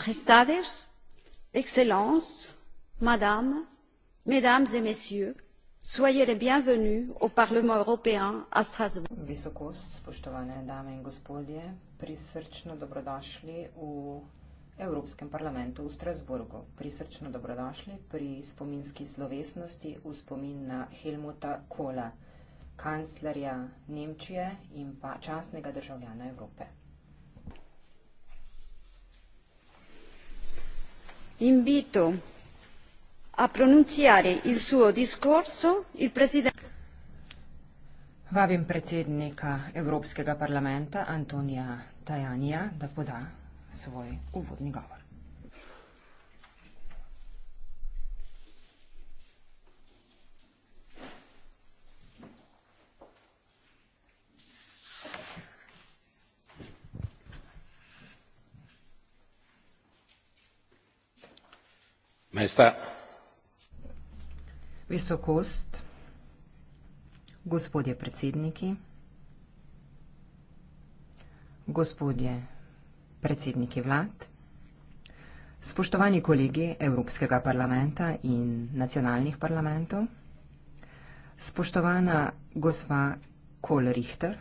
Majestades, Excellences, Madame, Mesdames et Messieurs, soyez les bienvenus au Parlement européen à Strasbourg. Visoko, spoštovane dame in gospodje, prisrčno dobrodošli v Evropskem parlamentu v Strasburgu. Prisrčno dobrodošli pri spominski slovesnosti v spomin na Helmuta Kola, kanclerja Nemčije in pa časnega državljana Evrope. invito a pronunciare il suo discorso il presidente Vabim predsednika Evropskega parlamenta Antonija Tajanija, da poda svoj uvodni govor. Maestà. Visokost, gospodje predsedniki, gospodje predsedniki vlad, spoštovani kolegi Evropskega parlamenta in nacionalnih parlamentov, spoštovana gospa Kol Richter,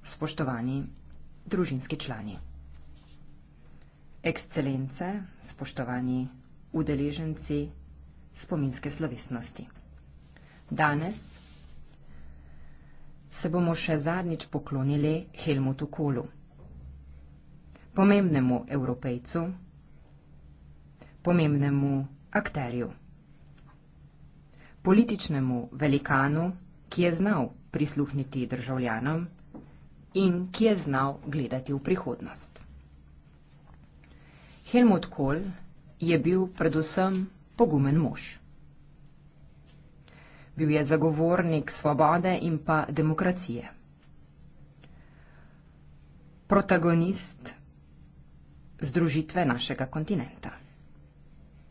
spoštovani družinski člani ekscelence, spoštovani udeleženci spominske slovesnosti. Danes se bomo še zadnjič poklonili Helmutu Kolu, pomembnemu evropejcu, pomembnemu akterju, političnemu velikanu, ki je znal prisluhniti državljanom in ki je znal gledati v prihodnost. Helmut Kohl je bil predvsem pogumen mož. Bil je zagovornik svobode in pa demokracije. Protagonist združitve našega kontinenta.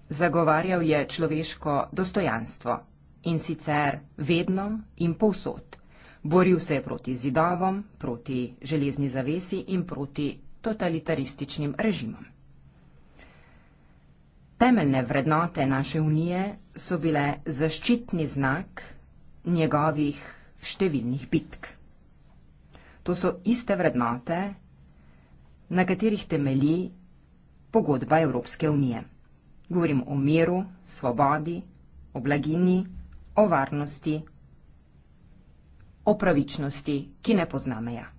Zagovarjal je človeško dostojanstvo in sicer vedno in povsod. Boril se je proti zidovom, proti železni zavesi in proti totalitarističnim režimom. Temeljne vrednote naše unije so bile zaščitni znak njegovih številnih bitk. To so iste vrednote, na katerih temelji pogodba Evropske unije. Govorim o miru, svobodi, o blagini, o varnosti, o pravičnosti, ki ne pozna meja. Ja.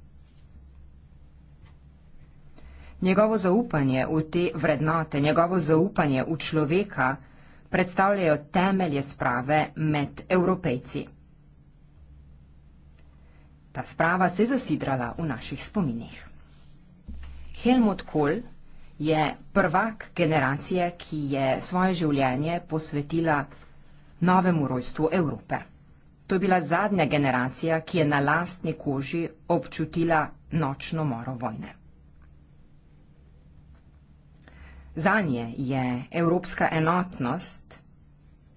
Njegovo zaupanje v te vrednote, njegovo zaupanje v človeka predstavljajo temelje sprave med evropejci. Ta sprava se je zasidrala v naših spominih. Helmut Kohl je prvak generacije, ki je svoje življenje posvetila novemu rojstvu Evrope. To je bila zadnja generacija, ki je na lastni koži občutila nočno moro vojne. Za nje je evropska enotnost,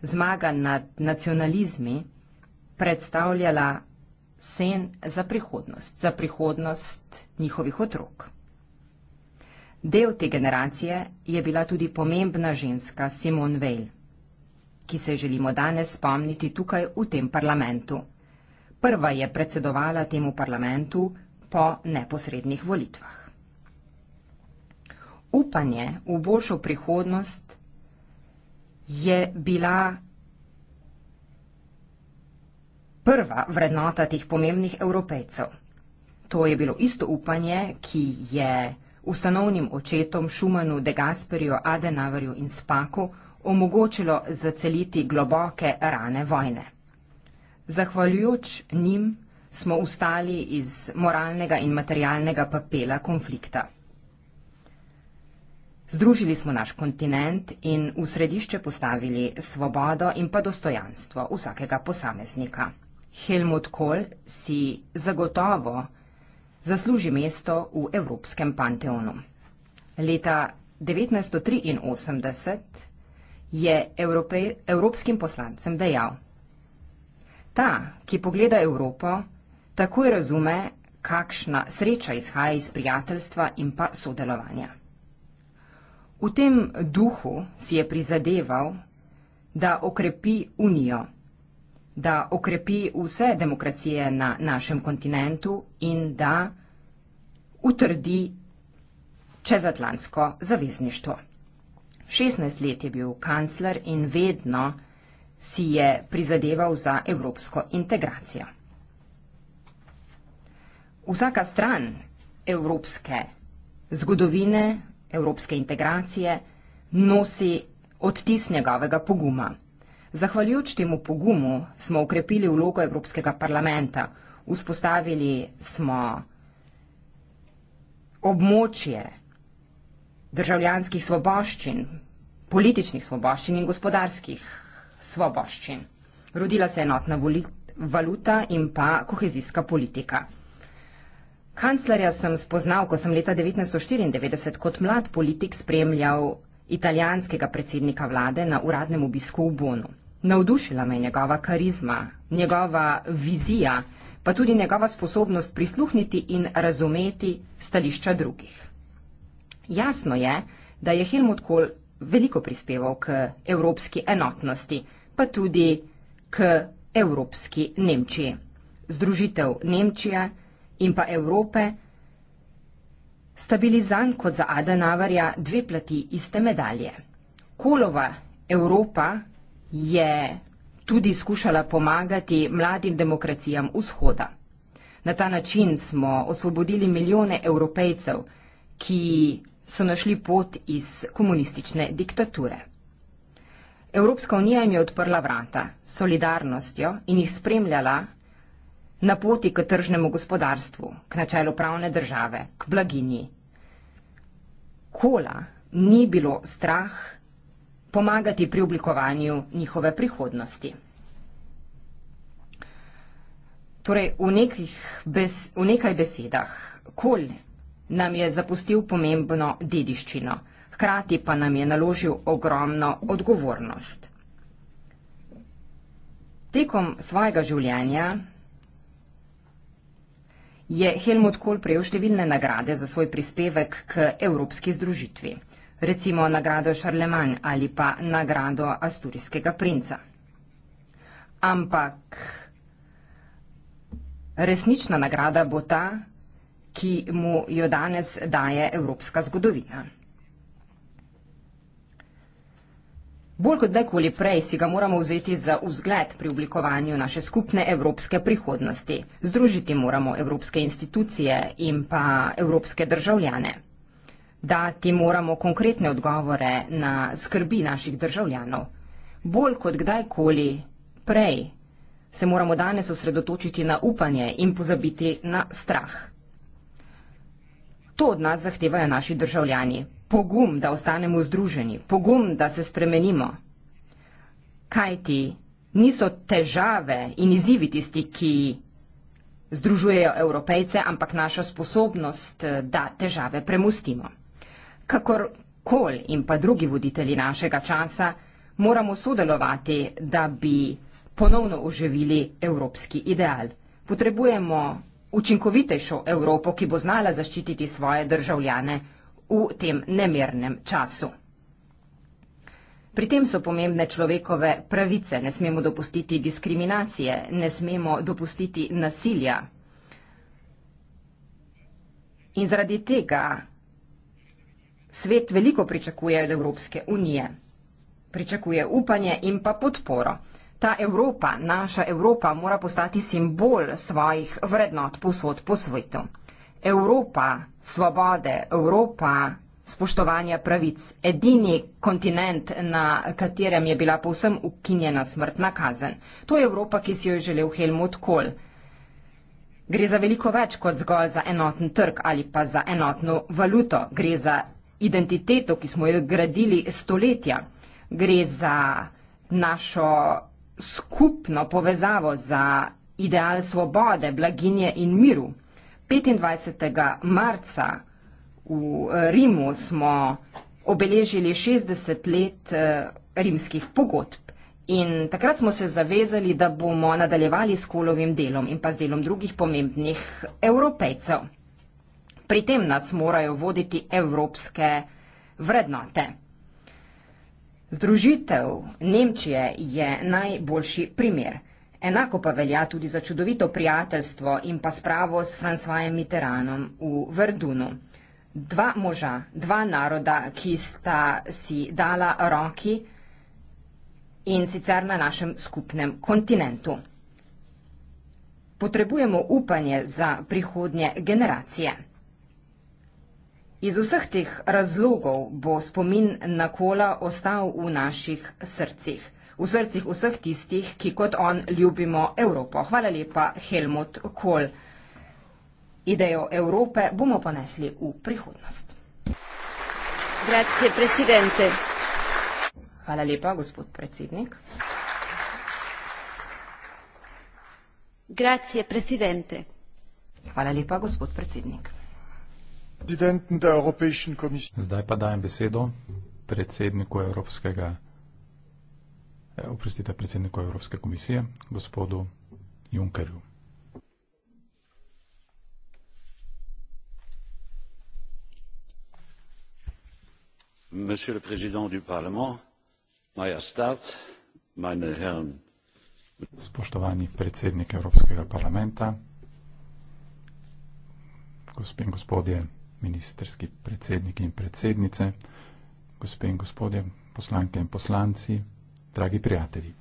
zmaga nad nacionalizmi, predstavljala sen za prihodnost, za prihodnost njihovih otrok. Del te generacije je bila tudi pomembna ženska Simone Veil, ki se želimo danes spomniti tukaj v tem parlamentu. Prva je predsedovala temu parlamentu po neposrednih volitvah upanje v boljšo prihodnost je bila prva vrednota teh pomembnih evropejcev. To je bilo isto upanje, ki je ustanovnim očetom Šumanu, De Gasperju, Adenavarju in Spaku omogočilo zaceliti globoke rane vojne. Zahvaljujoč njim smo ustali iz moralnega in materialnega papela konflikta. Združili smo naš kontinent in v središče postavili svobodo in pa dostojanstvo vsakega posameznika. Helmut Kohl si zagotovo zasluži mesto v Evropskem panteonu. Leta 1983 je Evropej, evropskim poslancem dejal: Ta, ki pogleda Evropo, takoj razume, kakšna sreča izhaja iz prijateljstva in pa sodelovanja. V tem duhu si je prizadeval, da okrepi Unijo, da okrepi vse demokracije na našem kontinentu in da utrdi čezatlantsko zavezništvo. 16 let je bil kancler in vedno si je prizadeval za evropsko integracijo. Vsaka stran evropske zgodovine evropske integracije, nosi odtis njegovega poguma. Zahvaljujoč temu pogumu smo ukrepili vlogo Evropskega parlamenta, vzpostavili smo območje državljanskih svoboščin, političnih svoboščin in gospodarskih svoboščin. Rodila se enotna voli, valuta in pa kohezijska politika. Kanclerja sem spoznal, ko sem leta 1994 kot mlad politik spremljal italijanskega predsednika vlade na uradnem obisku v Bonu. Navdušila me je njegova karizma, njegova vizija, pa tudi njegova sposobnost prisluhniti in razumeti stališča drugih. Jasno je, da je Helmut Kohl veliko prispeval k evropski enotnosti, pa tudi k evropski Nemčiji. Združitev Nemčije, in pa Evrope, sta bili zanj kot za Adenavarja dve plati iste medalje. Kolova Evropa je tudi skušala pomagati mladim demokracijam vzhoda. Na ta način smo osvobodili milijone evropejcev, ki so našli pot iz komunistične diktature. Evropska unija jim je odprla vrata solidarnostjo in jih spremljala na poti k tržnemu gospodarstvu, k načelu pravne države, k blaginji. Kola ni bilo strah pomagati pri oblikovanju njihove prihodnosti. Torej, v, bes, v nekaj besedah, kol nam je zapustil pomembno dediščino, hkrati pa nam je naložil ogromno odgovornost. Tekom svojega življenja je Helmut Kohl prejel številne nagrade za svoj prispevek k evropski združitvi, recimo nagrado Šarlemanj ali pa nagrado Asturijskega princa. Ampak resnična nagrada bo ta, ki mu jo danes daje evropska zgodovina. Bolj kot dajkoli prej si ga moramo vzeti za vzgled pri oblikovanju naše skupne evropske prihodnosti. Združiti moramo evropske institucije in pa evropske državljane. Dati moramo konkretne odgovore na skrbi naših državljanov. Bolj kot kdajkoli prej se moramo danes osredotočiti na upanje in pozabiti na strah. To od nas zahtevajo naši državljani, pogum, da ostanemo združeni, pogum, da se spremenimo. Kaj ti niso težave in izzivi tisti, ki združujejo evropejce, ampak naša sposobnost, da težave premustimo. Kakor kol in pa drugi voditelji našega časa moramo sodelovati, da bi ponovno oživili evropski ideal. Potrebujemo učinkovitejšo Evropo, ki bo znala zaščititi svoje državljane v tem nemirnem času. Pri tem so pomembne človekove pravice, ne smemo dopustiti diskriminacije, ne smemo dopustiti nasilja. In zaradi tega svet veliko pričakuje od Evropske unije. Pričakuje upanje in pa podporo. Ta Evropa, naša Evropa, mora postati simbol svojih vrednot posod po svetu. Evropa svobode, Evropa spoštovanja pravic, edini kontinent, na katerem je bila povsem ukinjena smrtna kazen. To je Evropa, ki si jo je želel Helmut Kohl. Gre za veliko več kot zgolj za enoten trg ali pa za enotno valuto. Gre za identiteto, ki smo jo gradili stoletja. Gre za našo skupno povezavo, za ideal svobode, blaginje in miru. 25. marca v eh, Rimu smo obeležili 60 let eh, rimskih pogodb in takrat smo se zavezali, da bomo nadaljevali s kolovim delom in pa z delom drugih pomembnih evropejcev. Pri tem nas morajo voditi evropske vrednote. Združitev Nemčije je najboljši primer. Enako pa velja tudi za čudovito prijateljstvo in pa spravo s Francoisem Mitteranom v Verdunu. Dva moža, dva naroda, ki sta si dala roki in sicer na našem skupnem kontinentu. Potrebujemo upanje za prihodnje generacije. Iz vseh teh razlogov bo spomin na kola ostal v naših srcih v srcih vseh tistih, ki kot on ljubimo Evropo. Hvala lepa, Helmut Kohl. Idejo Evrope bomo ponesli v prihodnost. Grazie, Hvala lepa, gospod predsednik. Grazie, presidente. Hvala lepa, gospod predsednik. Zdaj pa dajem besedo predsedniku Evropskega Eh, oprostite, predsedniku Evropske komisije, gospodu Junkerju. Monsieur le Président du Parlement, Majestat, meine Herren. Spoštovani predsednik Evropskega parlamenta, gospe in gospodje, ministerski predsedniki in predsednice, gospe in gospodje, poslanke in poslanci, dragi prijatelji.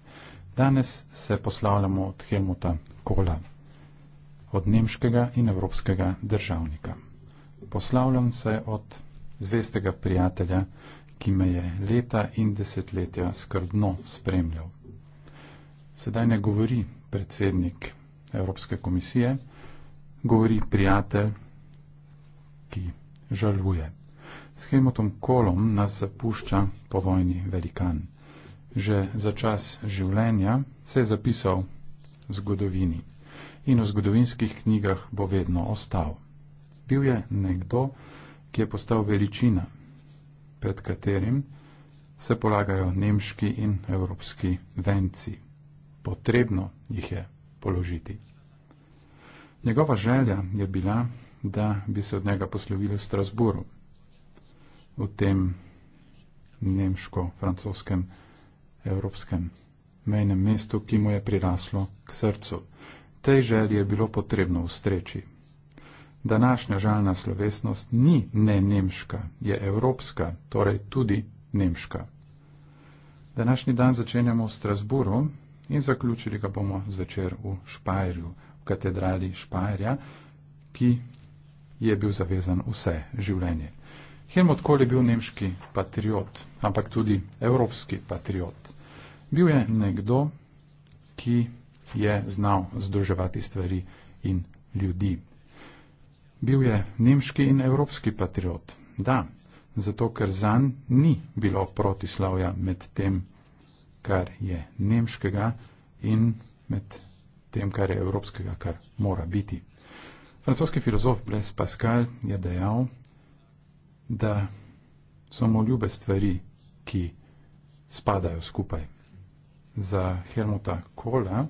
Danes se poslavljamo od Helmuta Kola, od nemškega in evropskega državnika. Poslavljam se od zvestega prijatelja, ki me je leta in desetletja skrbno spremljal. Sedaj ne govori predsednik Evropske komisije, govori prijatelj, ki žaluje. S Helmutom Kolom nas zapušča povojni velikan že za čas življenja, se je zapisal v zgodovini in v zgodovinskih knjigah bo vedno ostal. Bil je nekdo, ki je postal veličina, pred katerim se polagajo nemški in evropski venci. Potrebno jih je položiti. Njegova želja je bila, da bi se od njega poslovili v Strasburu, v tem nemško-francoskem evropskem mejnem mestu, ki mu je priraslo k srcu. Tej želji je bilo potrebno ustreči. Današnja žalna slovesnost ni ne nemška, je evropska, torej tudi nemška. Današnji dan začenjamo v Strasburu in zaključili ga bomo zvečer v Špajerju, v katedrali Špajerja, ki je bil zavezan vse življenje. Helmut Kohl je bil nemški patriot, ampak tudi evropski patriot. Bil je nekdo, ki je znal združevati stvari in ljudi. Bil je nemški in evropski patriot. Da, zato ker zanj ni bilo protislavja med tem, kar je nemškega in med tem, kar je evropskega, kar mora biti. Francoski filozof Blaise Pascal je dejal, da samo ljube stvari, ki spadajo skupaj. Za Helmuta Kola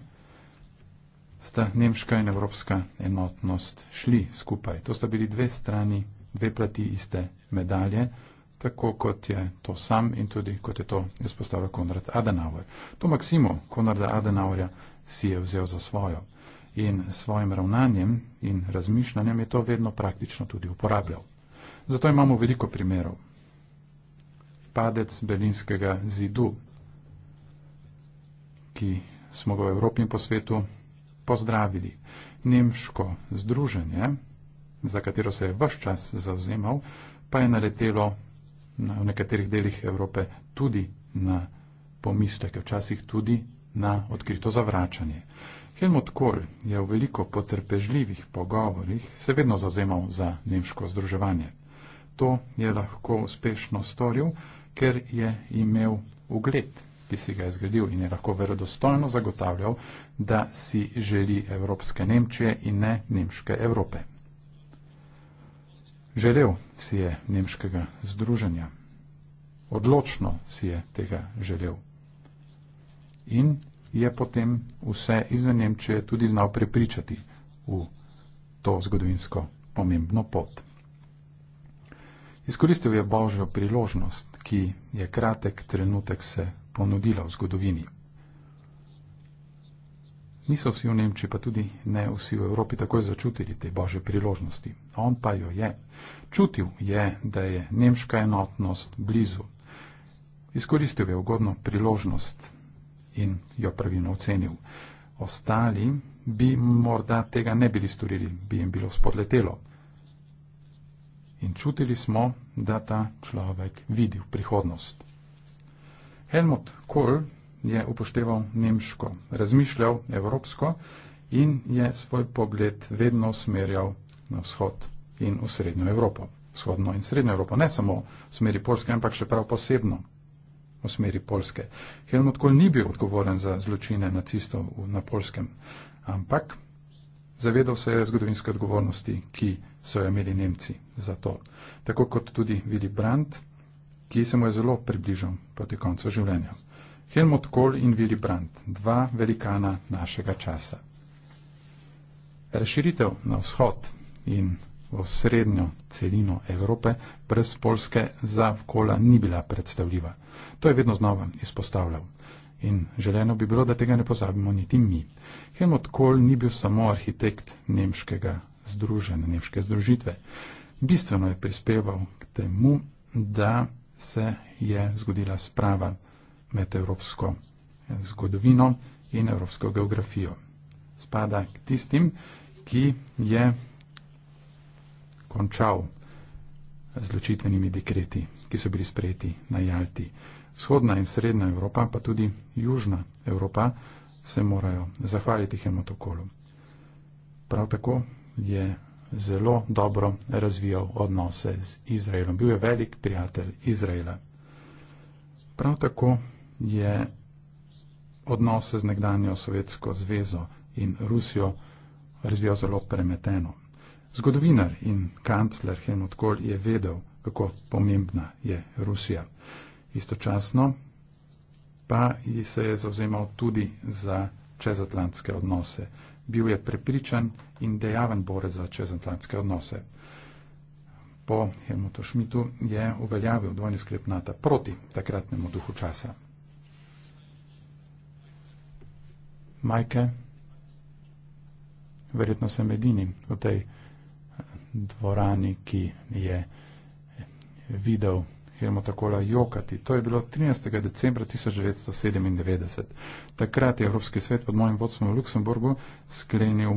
sta nemška in evropska enotnost šli skupaj. To sta bili dve strani, dve plati iste medalje, tako kot je to sam in tudi kot je to izpostavljal Konrad Adenauer. To maksimo Konrada Adenauerja si je vzel za svojo in svojim ravnanjem in razmišljanjem je to vedno praktično tudi uporabljal. Zato imamo veliko primerov. Padec berlinskega zidu, ki smo ga v Evropi in po svetu pozdravili. Nemško združenje, za katero se je vse čas zauzemal, pa je naletelo na, v nekaterih delih Evrope tudi na pomisleke, včasih tudi na odkrito zavračanje. Helmut Kohl je v veliko potrpežljivih pogovorjih se vedno zauzemal za nemško združevanje to je lahko uspešno storil, ker je imel ugled, ki si ga je zgradil in je lahko verodostojno zagotavljal, da si želi Evropske Nemčije in ne Nemške Evrope. Želel si je Nemškega združenja. Odločno si je tega želel. In je potem vse izven Nemčije tudi znal prepričati v to zgodovinsko pomembno pot. Izkoristil je božjo priložnost, ki je kratek trenutek se ponudila v zgodovini. Niso vsi v Nemčiji, pa tudi ne vsi v Evropi, takoj začutili te božje priložnosti. On pa jo je. Čutil je, da je nemška enotnost blizu. Izkoristil je ugodno priložnost in jo pravilno ocenil. Ostali bi morda tega ne bili storili, bi jim bilo spodletelo in čutili smo, da ta človek vidi v prihodnost. Helmut Kohl je upošteval nemško, razmišljal evropsko in je svoj pogled vedno usmerjal na vzhod in v srednjo Evropo. Vzhodno in srednjo Evropo, ne samo v smeri Polske, ampak še prav posebno v smeri Polske. Helmut Kohl ni bil odgovoren za zločine nacistov na Polskem, ampak Zavedal se je zgodovinske odgovornosti, ki so jo imeli Nemci za to. Tako kot tudi Willy Brandt, ki se mu je zelo približal proti koncu življenja. Helmut Kohl in Willy Brandt, dva velikana našega časa. Razširitev na vzhod in v srednjo celino Evrope brez Polske za Kola ni bila predstavljiva. To je vedno znova izpostavljal in želeno bi bilo, da tega ne pozabimo niti mi. Helmut Kohl ni bil samo arhitekt nemškega združenja, nemške združitve. Bistveno je prispeval k temu, da se je zgodila sprava med evropsko zgodovino in evropsko geografijo. Spada k tistim, ki je končal z ločitvenimi dekreti, ki so bili sprejeti na Jalti. Vzhodna in srednja Evropa, pa tudi južna Evropa, se morajo zahvaliti hematokolu. Prav tako je zelo dobro razvijal odnose z Izraelom. Bil je velik prijatelj Izraela. Prav tako je odnose z nekdanjo Sovjetsko zvezo in Rusijo razvijal zelo premeteno. Zgodovinar in kancler Henot Kohl je vedel, kako pomembna je Rusija istočasno pa se je zauzemal tudi za čezatlantske odnose. Bil je prepričan in dejaven borec za čezatlantske odnose. Po Helmutu Šmitu je uveljavil dvojni sklep NATO proti takratnemu duhu časa. Majke, verjetno sem edini v tej dvorani, ki je videl gremo takole jokati. To je bilo 13. decembra 1997. Takrat je Evropski svet pod mojim vodstvom v Luksemburgu sklenil,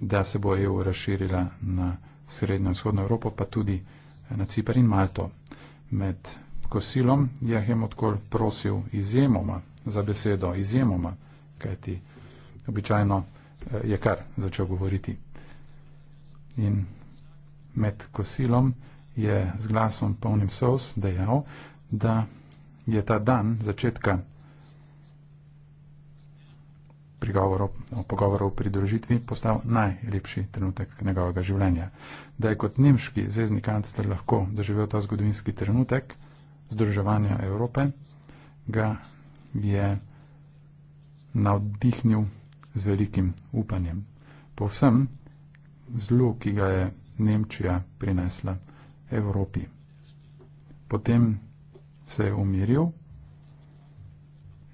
da se bo EU razširila na srednjo in vzhodno Evropo, pa tudi eh, na Cipar in Malto. Med kosilom je Hemotkol prosil izjemoma za besedo, izjemoma, kajti običajno eh, je kar začel govoriti. In med kosilom je z glasom polnim sos dejal, da je ta dan začetka pogovorov o pridružitvi postal najlepši trenutek njegovega življenja. Da je kot nemški zvezdni kancler lahko doživel ta zgodovinski trenutek združevanja Evrope, ga je navdihnil z velikim upanjem. Povsem zlu, ki ga je Nemčija prinesla. Evropi. Potem se je umiril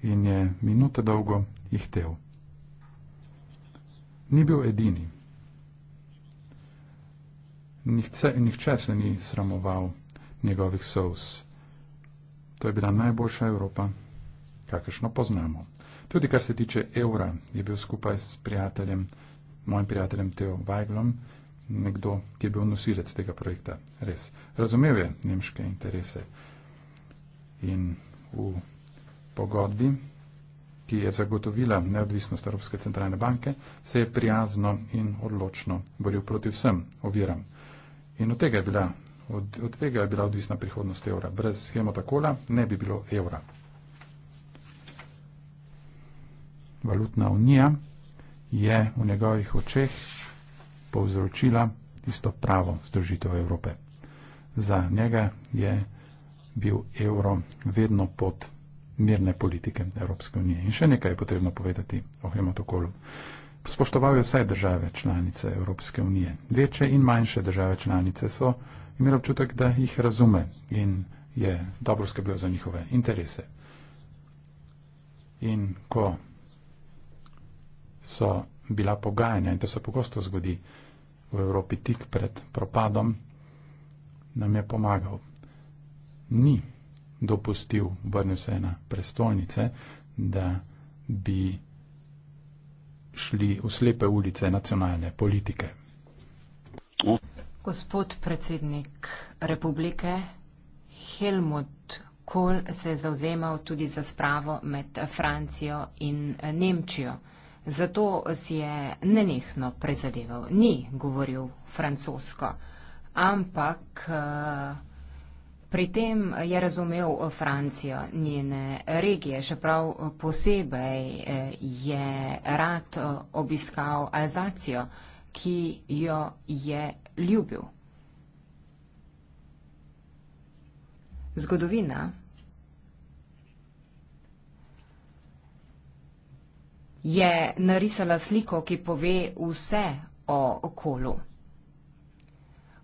in je minuto dolgo jih tel. Ni bil edini. Nihce, nihče se ni sramoval njegovih sous. To je bila najboljša Evropa, kakršno poznamo. Tudi kar se tiče evra, je bil skupaj s prijateljem, mojim prijateljem Teo Weiglom, nekdo, ki je bil nosilec tega projekta, res razumev je nemške interese. In v pogodbi, ki je zagotovila neodvisnost Evropske centralne banke, se je prijazno in odločno boril proti vsem oviram. In od tega je bila, od, od tega je bila odvisna prihodnost evra. Brez hemotakola ne bi bilo evra. Valutna unija je v njegovih očeh povzročila tisto pravo združitev Evrope. Za njega je bil evro vedno pod mirne politike Evropske unije. In še nekaj je potrebno povedati o hematokolu. Spoštoval je vse države članice Evropske unije. Večje in manjše države članice so imeli občutek, da jih razume in je dobro skrbel za njihove interese. In ko so bila pogajanja, in to se pogosto zgodi, v Evropi tik pred propadom, nam je pomagal. Ni dopustil, obrnil se je na prestolnice, da bi šli v slepe ulice nacionalne politike. Gospod predsednik republike Helmut Kohl se je zauzemal tudi za spravo med Francijo in Nemčijo. Zato si je nenehno prizadeval, ni govoril francosko, ampak eh, pri tem je razumel Francijo, njene regije. Še prav eh, posebej eh, je rad obiskal Alzacijo, ki jo je ljubil. Zgodovina je narisala sliko, ki pove vse o okolju.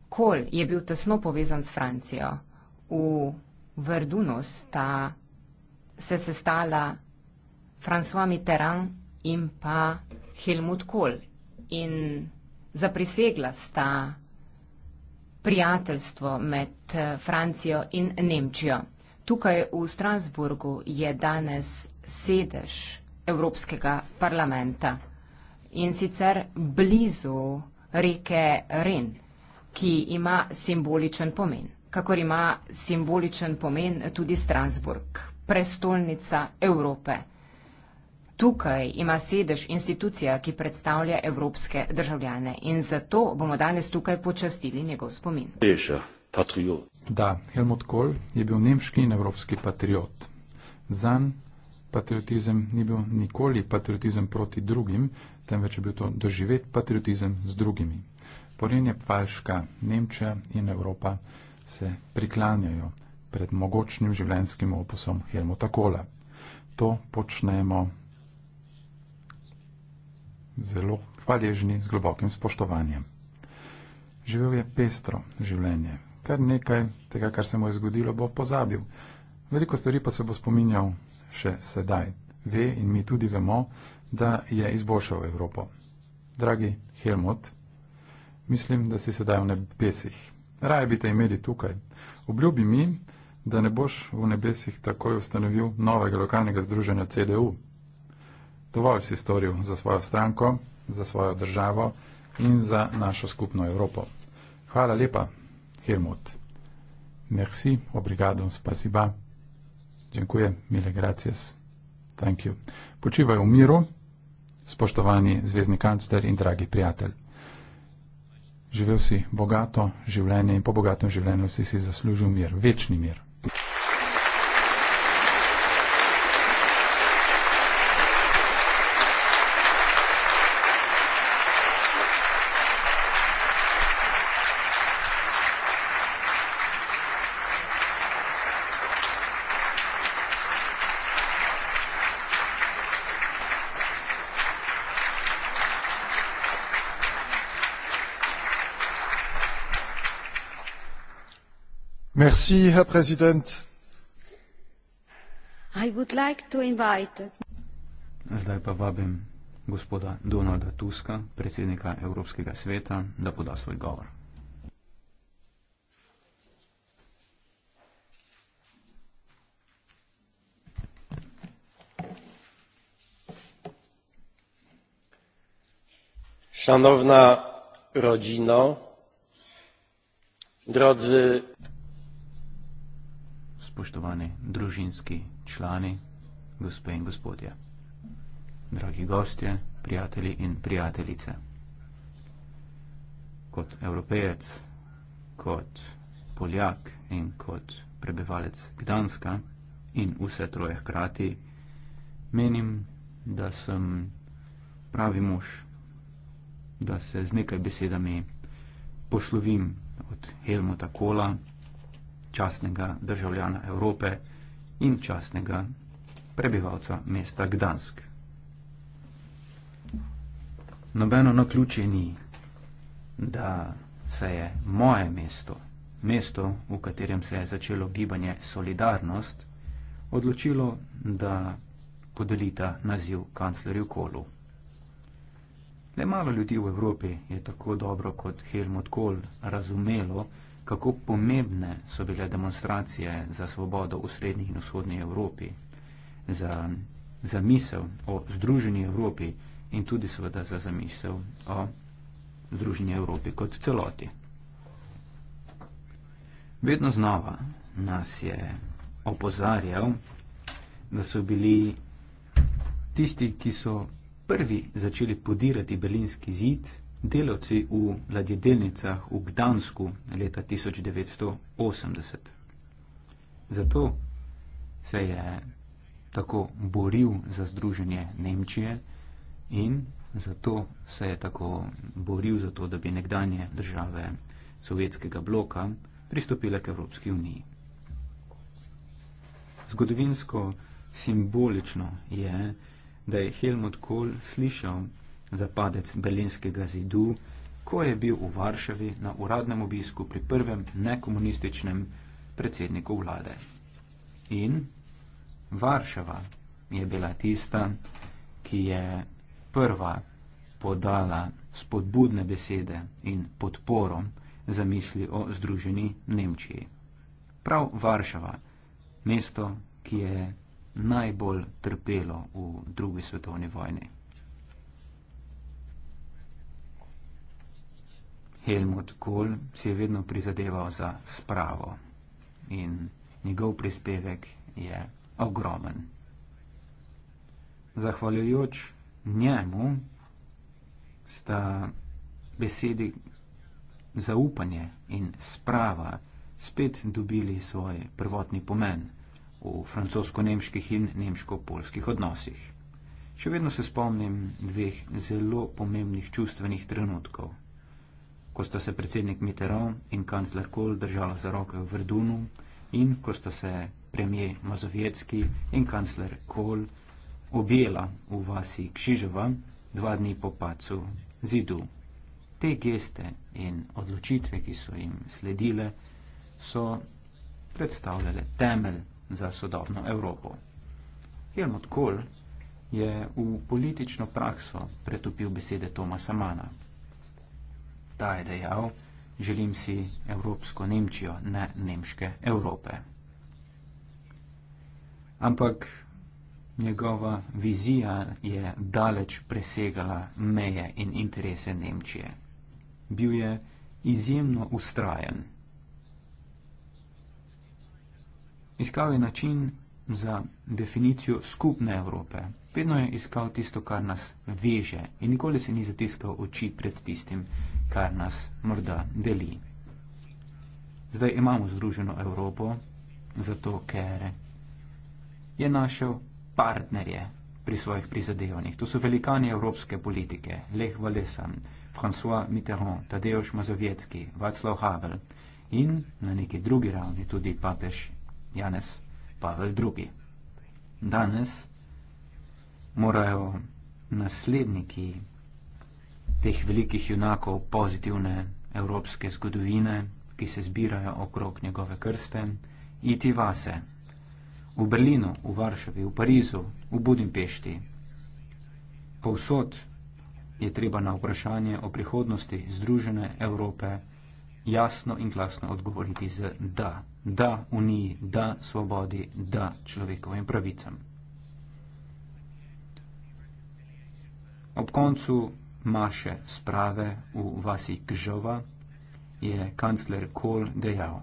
Kol je bil tesno povezan s Francijo. V Verdunu sta se sestala François Mitterrand in pa Helmut Kol in zaprisegla sta prijateljstvo med eh, Francijo in Nemčijo. Tukaj v Strasburgu je danes sedež Evropskega parlamenta in sicer blizu reke Ren, ki ima simboličen pomen, kakor ima simboličen pomen tudi Strasburg, prestolnica Evrope. Tukaj ima sedež institucija, ki predstavlja evropske državljane in zato bomo danes tukaj počastili njegov spomin. Da, Helmut Kohl je bil nemški in evropski patriot. Zan patriotizem ni bil nikoli patriotizem proti drugim, temveč je bil to doživeti patriotizem z drugimi. Porenje Falška, Nemčija in Evropa se priklanjajo pred mogočnim življenjskim oposom Helmuta Kola. To počnemo zelo hvaležni z globokim spoštovanjem. Živel je pestro življenje. Kar nekaj tega, kar se mu je zgodilo, bo pozabil. Veliko stvari pa se bo spominjal še sedaj. Ve in mi tudi vemo, da je izboljšal Evropo. Dragi Helmut, mislim, da si sedaj v nebesih. Raje bi te imeli tukaj. Obljubi mi, da ne boš v nebesih takoj ustanovil novega lokalnega združenja CDU. Dovolj si storil za svojo stranko, za svojo državo in za našo skupno Evropo. Hvala lepa, Helmut. Merci, obrigado, spasiba. Dziękuję. Mille gracias. Thank you. Počivaj v miru, spoštovani zvezdni kancler in dragi prijatelj. Živel si bogato življenje in po bogatem življenju si si zaslužil mir, večni mir. Merci, Herr Präsident. I would like to invite... Zdaj pa vabim gospoda Donalda Tuska, predsednika Evropskega sveta, da poda svoj govor. Šanovna rodina, drodzi spoštovani družinski člani, gospe in gospodje, dragi gostje, prijatelji in prijateljice. Kot evropejec, kot poljak in kot prebivalec Gdanska in vse troje hkrati, menim, da sem pravi mož, da se z nekaj besedami poslovim od Helmuta Kola, častnega državljana Evrope in častnega prebivalca mesta Gdansk. Nobeno na ključje ni, da se je moje mesto, mesto, v katerem se je začelo gibanje Solidarnost, odločilo, da podelita naziv kanclerju Kolu. Le malo ljudi v Evropi je tako dobro kot Helmut Kohl razumelo, kako pomembne so bile demonstracije za svobodo v srednji in vzhodni Evropi, za, za misel o združeni Evropi in tudi seveda za zamisel o združeni Evropi kot celoti. Vedno znova nas je opozarjal, da so bili tisti, ki so prvi začeli podirati berlinski zid, delavci v ladjedelnicah v Gdansku leta 1980. Zato se je tako boril za združenje Nemčije in zato se je tako boril za to, da bi nekdanje države sovjetskega bloka pristopile k Evropski uniji. Zgodovinsko simbolično je, da je Helmut Kohl slišal, za padec berlinskega zidu, ko je bil v Varšavi na uradnem obisku pri prvem nekomunističnem predsedniku vlade. In Varšava je bila tista, ki je prva podala spodbudne besede in podporo za misli o združeni Nemčiji. Prav Varšava, mesto, ki je najbolj trpelo v drugi svetovni vojni. Helmut Kohl si je vedno prizadeval za spravo in njegov prispevek je ogromen. Zahvaljujoč njemu sta besedi zaupanje in sprava spet dobili svoj prvotni pomen v francosko-nemških in nemško-polskih odnosih. Še vedno se spomnim dveh zelo pomembnih čustvenih trenutkov ko sta se predsednik Mitterrand in kancler Kohl držala za roke v Vrdunu in ko sta se premije Mazovjetski in kancler Kohl objela v vasi Kšižova dva dni po pacu zidu. Te geste in odločitve, ki so jim sledile, so predstavljale temelj za sodobno Evropo. Helmut Kohl je v politično prakso pretopil besede Tomasa Mana. Ta je dejal, želim si Evropsko Nemčijo, ne Nemške Evrope. Ampak njegova vizija je daleč presegala meje in interese Nemčije. Bil je izjemno ustrajen. Iskal je način za definicijo skupne Evrope. Vedno je iskal tisto, kar nas veže in nikoli se ni zatiskal oči pred tistim, kar nas morda deli. Zdaj imamo Združeno Evropo, zato ker je našel partnerje pri svojih prizadevanjih. To so velikani evropske politike, Leh Valesan, François Mitterrand, Tadeusz Mazovjetski, Václav Havel in na neki drugi ravni tudi papež Janez Pavel II. Danes morajo nasledniki teh velikih junakov pozitivne evropske zgodovine, ki se zbirajo okrog njegove krste, iti vase. V Berlinu, v Varšavi, v Parizu, v Budimpešti. Povsod je treba na vprašanje o prihodnosti Združene Evrope jasno in glasno odgovoriti z da. Da uniji, da svobodi, da človekovim pravicam. Ob koncu maše sprave v vasi Kžova, je kancler Kohl dejal.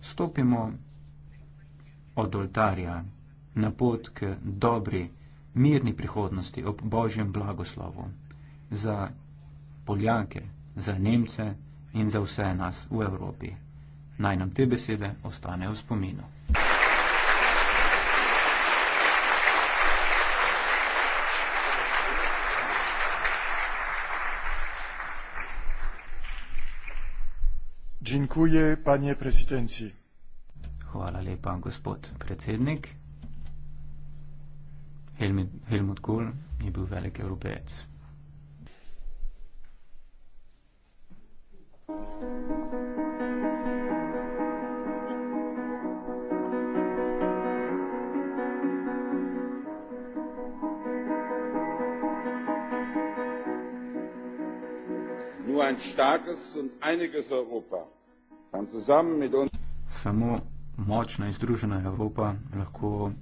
Stopimo od oltarja na pot k dobri, mirni prihodnosti ob božjem blagoslovu za Poljake, za Nemce in za vse nas v Evropi. Naj nam te besede ostanejo v spominu. Džinkuje, panje prezidenci. Hvala lepa, gospod predsednik. Helmut, Helmut Kohl je bil velik evropejec. Nur ein starkes und einiges Europa. Samo močna in združena Evropa lahko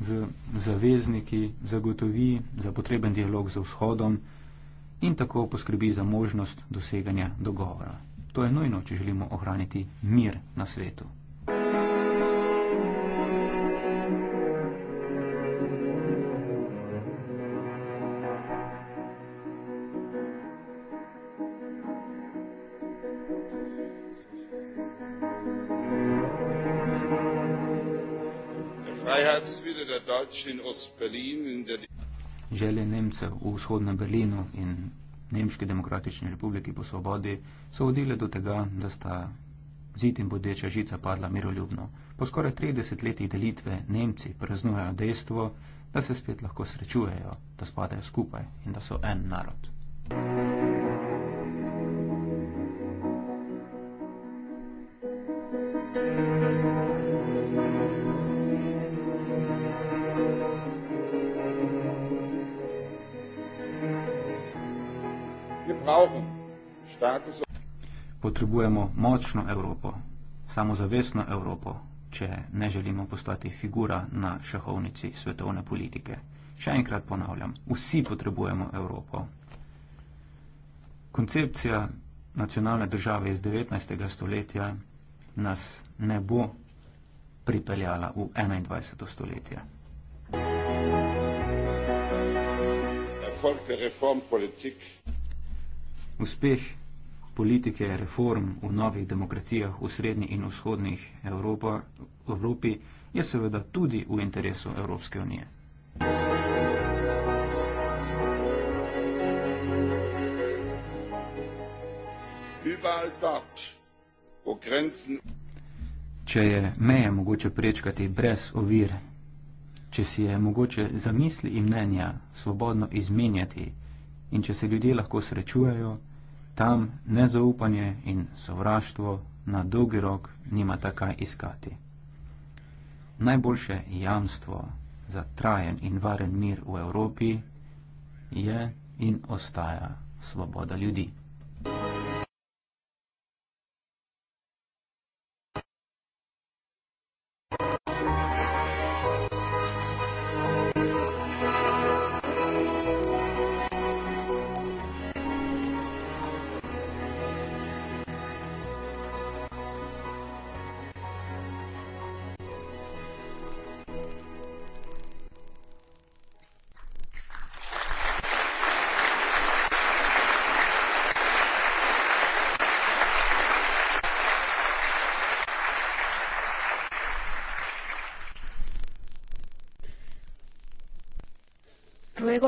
z zavezniki zagotovi za potreben dialog z vzhodom in tako poskrbi za možnost doseganja dogovora. To je nujno, če želimo ohraniti mir na svetu. Želje Nemcev v vzhodnem Berlinu in Nemški demokratični republiki po svobodi so vodile do tega, da sta zid in bodeča žica padla miroljubno. Po skoraj 30 letih delitve Nemci praznujejo dejstvo, da se spet lahko srečujejo, da spadajo skupaj in da so en narod. Thank you. potrebujemo močno Evropo, samozavestno Evropo, če ne želimo postati figura na šahovnici svetovne politike. Še enkrat ponavljam, vsi potrebujemo Evropo. Koncepcija nacionalne države iz 19. stoletja nas ne bo pripeljala v 21. stoletje. Uspeh politike reform v novih demokracijah v srednji in vzhodnih Evropa, Evropi je seveda tudi v interesu Evropske unije. Če je meje mogoče prečkati brez ovir, če si je mogoče zamisli in mnenja svobodno izmenjati in če se ljudje lahko srečujejo, tam nezaupanje in sovraštvo na dolgi rok nima takaj iskati. Najboljše jamstvo za trajen in varen mir v Evropi je in ostaja svoboda ljudi. Thank you.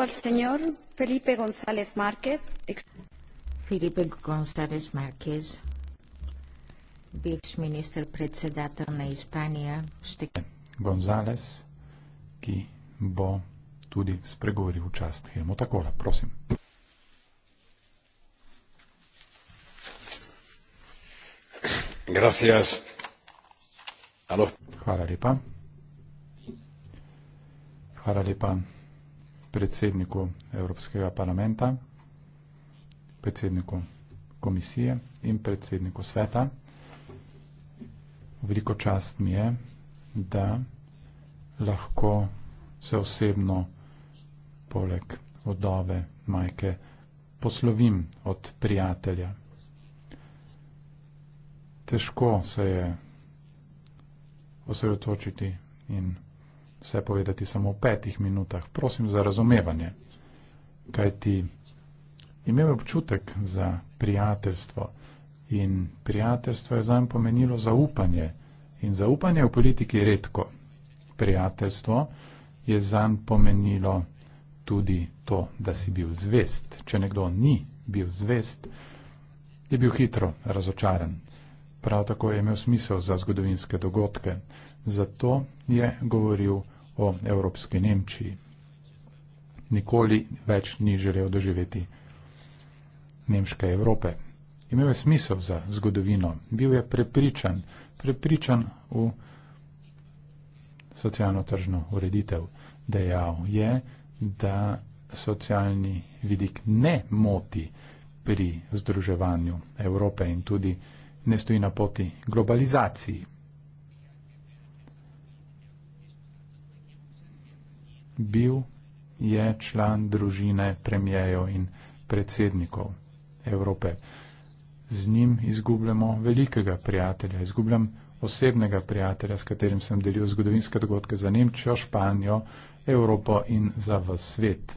al señor Felipe González Márquez. Felipe González Márquez, ex-ministro presidente de España. González, que bo tudi spregovoril v čast Helmuta Kola. Prosim. Gracias. Hvala lepa. Hvala lepa predsedniku Evropskega parlamenta, predsedniku komisije in predsedniku sveta. Veliko čast mi je, da lahko se osebno poleg odove majke poslovim od prijatelja. Težko se je osredotočiti in vse povedati samo v petih minutah. Prosim za razumevanje, kajti imel je občutek za prijateljstvo in prijateljstvo je zanj pomenilo zaupanje in zaupanje v politiki redko. Prijateljstvo je zanj pomenilo tudi to, da si bil zvest. Če nekdo ni bil zvest, je bil hitro razočaran. Prav tako je imel smisel za zgodovinske dogodke. Zato je govoril o Evropski Nemčiji. Nikoli več ni želel doživeti Nemške Evrope. Imel je smisel za zgodovino, bil je prepričan, prepričan v socialno-tržno ureditev. Dejal je, da socialni vidik ne moti pri združevanju Evrope in tudi ne stoji na poti globalizaciji. bil je član družine premijejev in predsednikov Evrope. Z njim izgubljamo velikega prijatelja, izgubljam osebnega prijatelja, s katerim sem delil zgodovinske dogodke za Nemčijo, Španijo, Evropo in za v svet.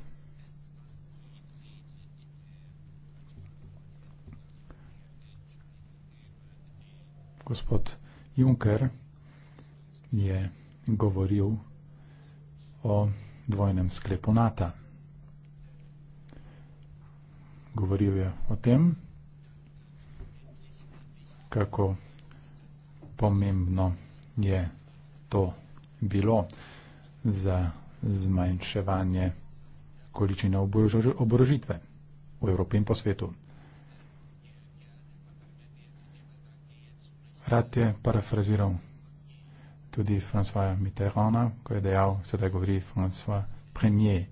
Gospod Juncker je govoril o dvojnem sklepu NATO. Govoril je o tem, kako pomembno je to bilo za zmanjševanje količine oborožitve v Evropi in po svetu. Rad je parafraziral tudi Francoja Mitterranda, ko je dejal, sedaj govori Francoja premije,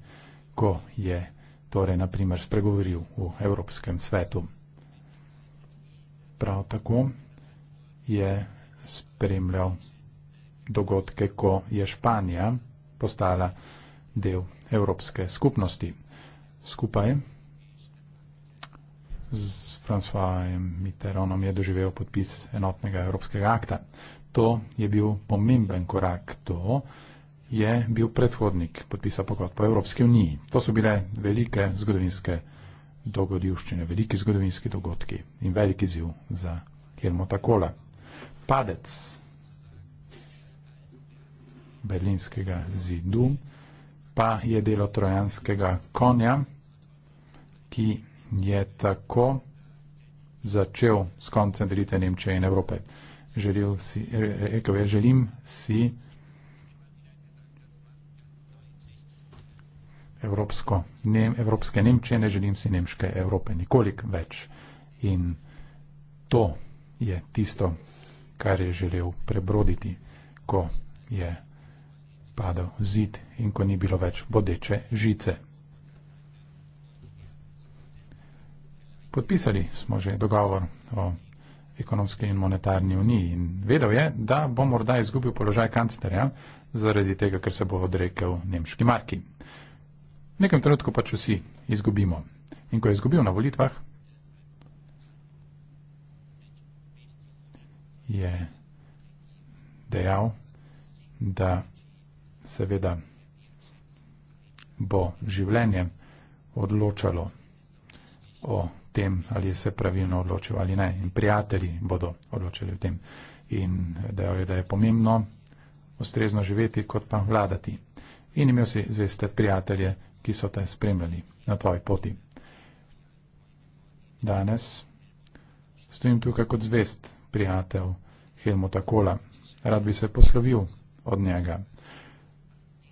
ko je torej naprimer spregovoril v Evropskem svetu. Prav tako je spremljal dogodke, ko je Španija postala del Evropske skupnosti. Skupaj s Francoisom Mitterrandom je doživel podpis enotnega Evropskega akta to je bil pomemben korak. To je bil predhodnik podpisa pogodb po Evropski uniji. To so bile velike zgodovinske dogodivščine, veliki zgodovinski dogodki in veliki ziv za Helmuta Kola. Padec berlinskega zidu pa je delo trojanskega konja, ki je tako začel s koncem delitve Nemčije in Evrope želel si, rekel je, želim si evropsko, ne, evropske Nemčije, ne želim si Nemške Evrope, nikolik več. In to je tisto, kar je želel prebroditi, ko je padal zid in ko ni bilo več bodeče žice. Podpisali smo že dogovor o ekonomski in monetarni uniji. In vedel je, da bo morda izgubil položaj kanclerja zaradi tega, ker se bo odrekel nemški marki. V nekem trenutku pač vsi izgubimo. In ko je izgubil na volitvah, je dejal, da seveda bo življenje odločalo o tem, ali je se pravilno odločil ali ne. In prijatelji bodo odločili o tem. In dejal je, da je pomembno ustrezno živeti, kot pa vladati. In imel si zveste prijatelje, ki so te spremljali na tvoji poti. Danes stojim tukaj kot zvest prijatelj Helmuta Kola. Rad bi se poslovil od njega.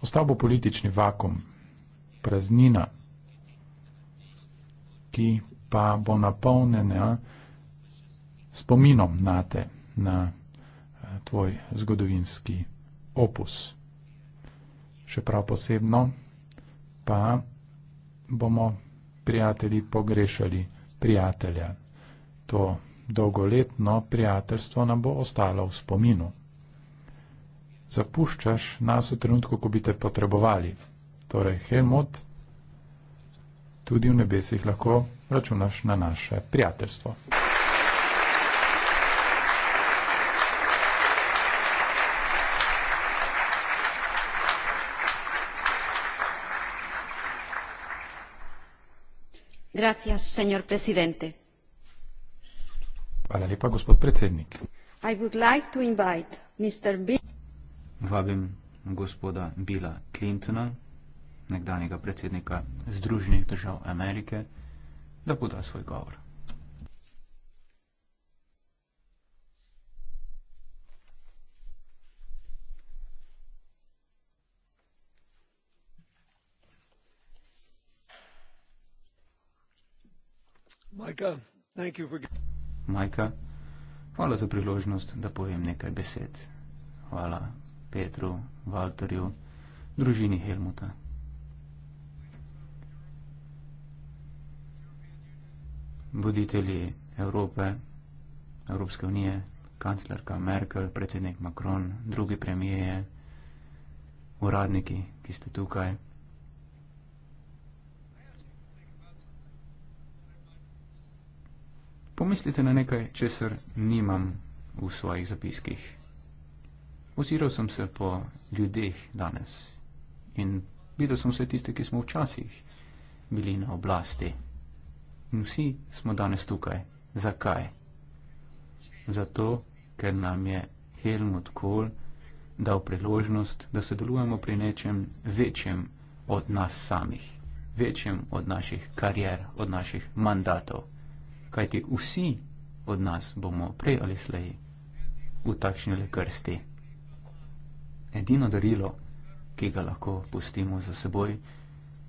Ostal bo politični vakum, praznina, ki pa bo napolnjena ja, spominom na te, eh, na tvoj zgodovinski opus. Še prav posebno pa bomo prijatelji pogrešali prijatelja. To dolgoletno prijateljstvo nam bo ostalo v spominu. Zapuščaš nas v trenutku, ko bi te potrebovali. Torej, Helmut, tudi v nebesih lahko računaš na naše prijateljstvo. Gracias, señor presidente. Hvala lepa, gospod predsednik. I would like to invite Mr. Bill. Vabim gospoda Billa Clintona nekdanjega predsednika Združenih držav Amerike, da poda svoj govor. Majka, hvala za priložnost, da povem nekaj besed. Hvala Petru, Valterju, družini Helmuta. voditelji Evrope, Evropske unije, kanclerka Merkel, predsednik Macron, drugi premije, uradniki, ki ste tukaj. Pomislite na nekaj, česar nimam v svojih zapiskih. Oziral sem se po ljudeh danes in videl sem vse tiste, ki smo včasih bili na oblasti. In vsi smo danes tukaj. Zakaj? Zato, ker nam je Helmut Kohl dal priložnost, da sodelujemo pri nečem večjem od nas samih, večjem od naših karier, od naših mandatov. Kajti vsi od nas bomo prej ali slej v takšni le krsti. Edino darilo, ki ga lahko pustimo za seboj,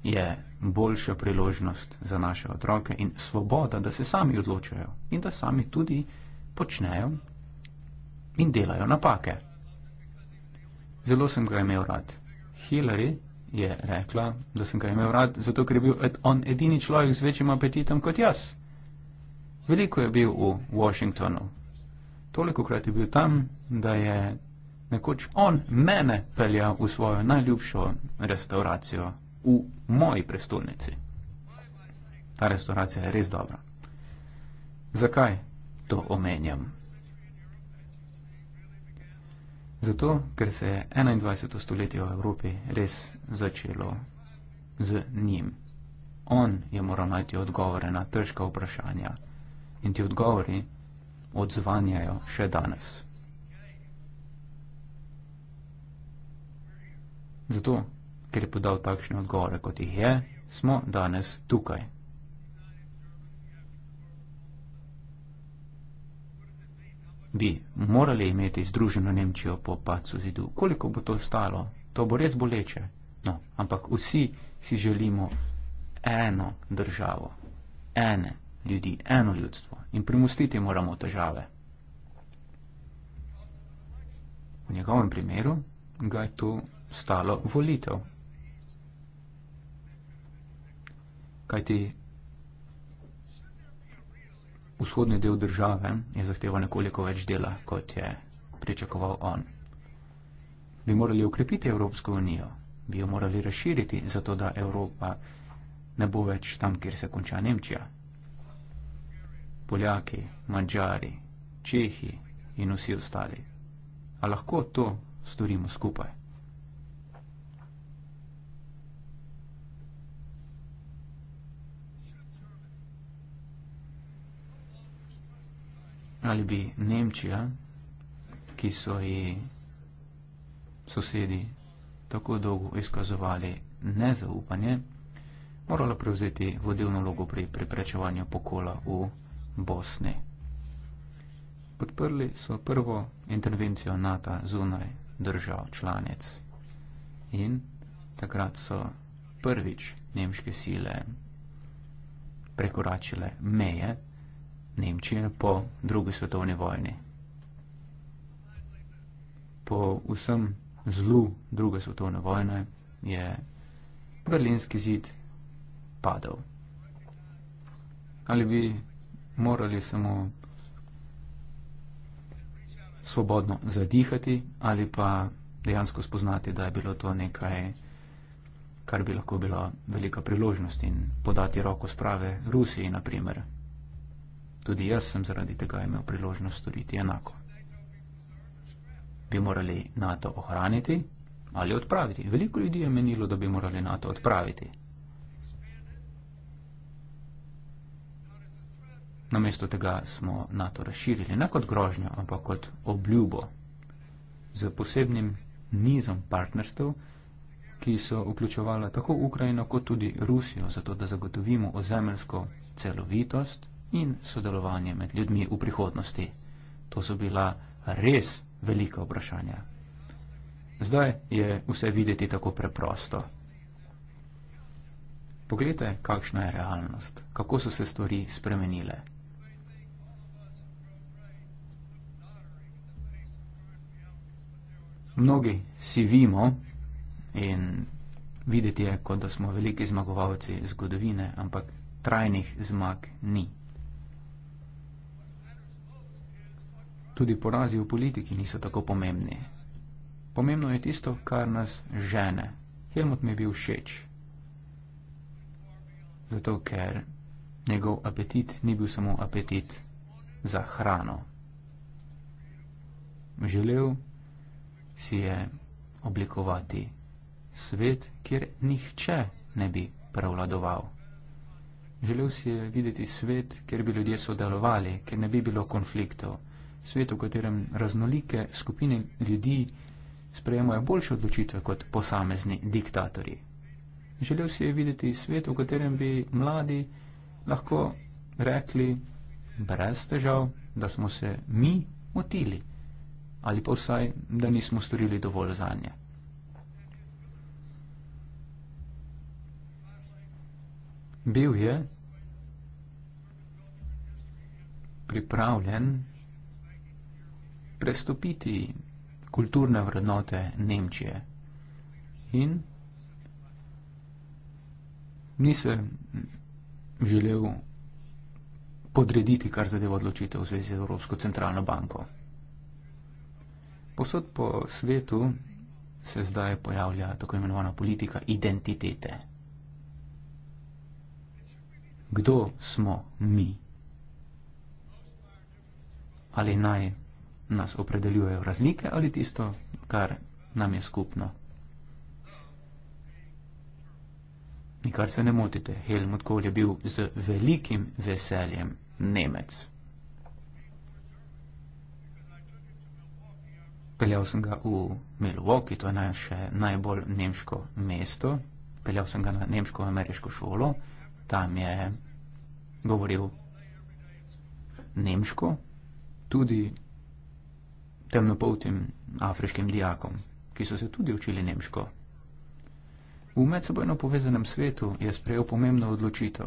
je boljša priložnost za naše otroke in svoboda, da se sami odločajo in da sami tudi počnejo in delajo napake. Zelo sem ga imel rad. Hillary je rekla, da sem ga imel rad, zato ker je bil on edini človek z večjim apetitom kot jaz. Veliko je bil v Washingtonu. Toliko krat je bil tam, da je nekoč on mene peljal v svojo najljubšo restauracijo v moji prestolnici. Ta restauracija je res dobra. Zakaj to omenjam? Zato, ker se je 21. stoletje v Evropi res začelo z njim. On je moral najti odgovore na težka vprašanja in ti odgovori odzvanjajo še danes. Zato ker je podal takšne odgovore, kot jih je, smo danes tukaj. Bi morali imeti združeno Nemčijo po pacu zidu. Koliko bo to stalo? To bo res boleče. No, ampak vsi si želimo eno državo, ene ljudi, eno ljudstvo in premustiti moramo težave. V njegovem primeru ga je tu stalo volitev, kajti vzhodni del države je zahteval nekoliko več dela, kot je pričakoval on. Bi morali ukrepiti Evropsko unijo, bi jo morali razširiti, zato da Evropa ne bo več tam, kjer se konča Nemčija. Poljaki, Mačari, Čehi in vsi ostali. A lahko to storimo skupaj? ali bi Nemčija, ki so ji sosedi tako dolgo izkazovali nezaupanje, morala prevzeti vodilno logo pri preprečevanju pokola v Bosni. Podprli so prvo intervencijo NATO zunaj držav članic in takrat so prvič nemške sile prekoračile meje Nemčije po drugi svetovni vojni. Po vsem zlu druge svetovne vojne je berlinski zid padel. Ali bi morali samo svobodno zadihati ali pa dejansko spoznati, da je bilo to nekaj, kar bi lahko bila velika priložnost in podati roko sprave Rusiji, naprimer, Tudi jaz sem zaradi tega imel priložnost storiti enako. Bi morali NATO ohraniti ali odpraviti? Veliko ljudi je menilo, da bi morali NATO odpraviti. Namesto tega smo NATO razširili ne kot grožnjo, ampak kot obljubo z posebnim nizom partnerstev, ki so vključovala tako Ukrajino kot tudi Rusijo, zato da zagotovimo ozemelsko celovitost in sodelovanje med ljudmi v prihodnosti. To so bila res velika vprašanja. Zdaj je vse videti tako preprosto. Poglejte, kakšna je realnost, kako so se stvari spremenile. Mnogi si vimo in videti je, kot da smo veliki zmagovalci zgodovine, ampak trajnih zmag ni. Tudi porazi v politiki niso tako pomembni. Pomembno je tisto, kar nas žene. Helmut mi je bil všeč. Zato, ker njegov apetit ni bil samo apetit za hrano. Želel si je oblikovati svet, kjer nihče ne bi prevladoval. Želel si je videti svet, kjer bi ljudje sodelovali, kjer ne bi bilo konfliktov svet, v katerem raznolike skupine ljudi sprejemajo boljše odločitve kot posamezni diktatorji. Želel si je videti svet, v katerem bi mladi lahko rekli brez težav, da smo se mi motili ali pa vsaj, da nismo storili dovolj za nje. Bil je pripravljen prestopiti kulturne vrednote Nemčije. In nisem želel podrediti, kar zadeva odločitev v zvezi z Evropsko centralno banko. Posod po svetu se zdaj pojavlja tako imenovana politika identitete. Kdo smo mi? Ali naj nas opredeljujejo razlike ali tisto, kar nam je skupno. Nikar se ne motite, Helmut Kohl je bil z velikim veseljem Nemec. Peljal sem ga v Milwaukee, to je naše najbolj nemško mesto. Peljal sem ga na nemško-ameriško šolo, tam je govoril nemško, tudi temnopoltim afriškim dijakom, ki so se tudi učili nemško. V medsebojno povezanem svetu je sprejel pomembno odločitev.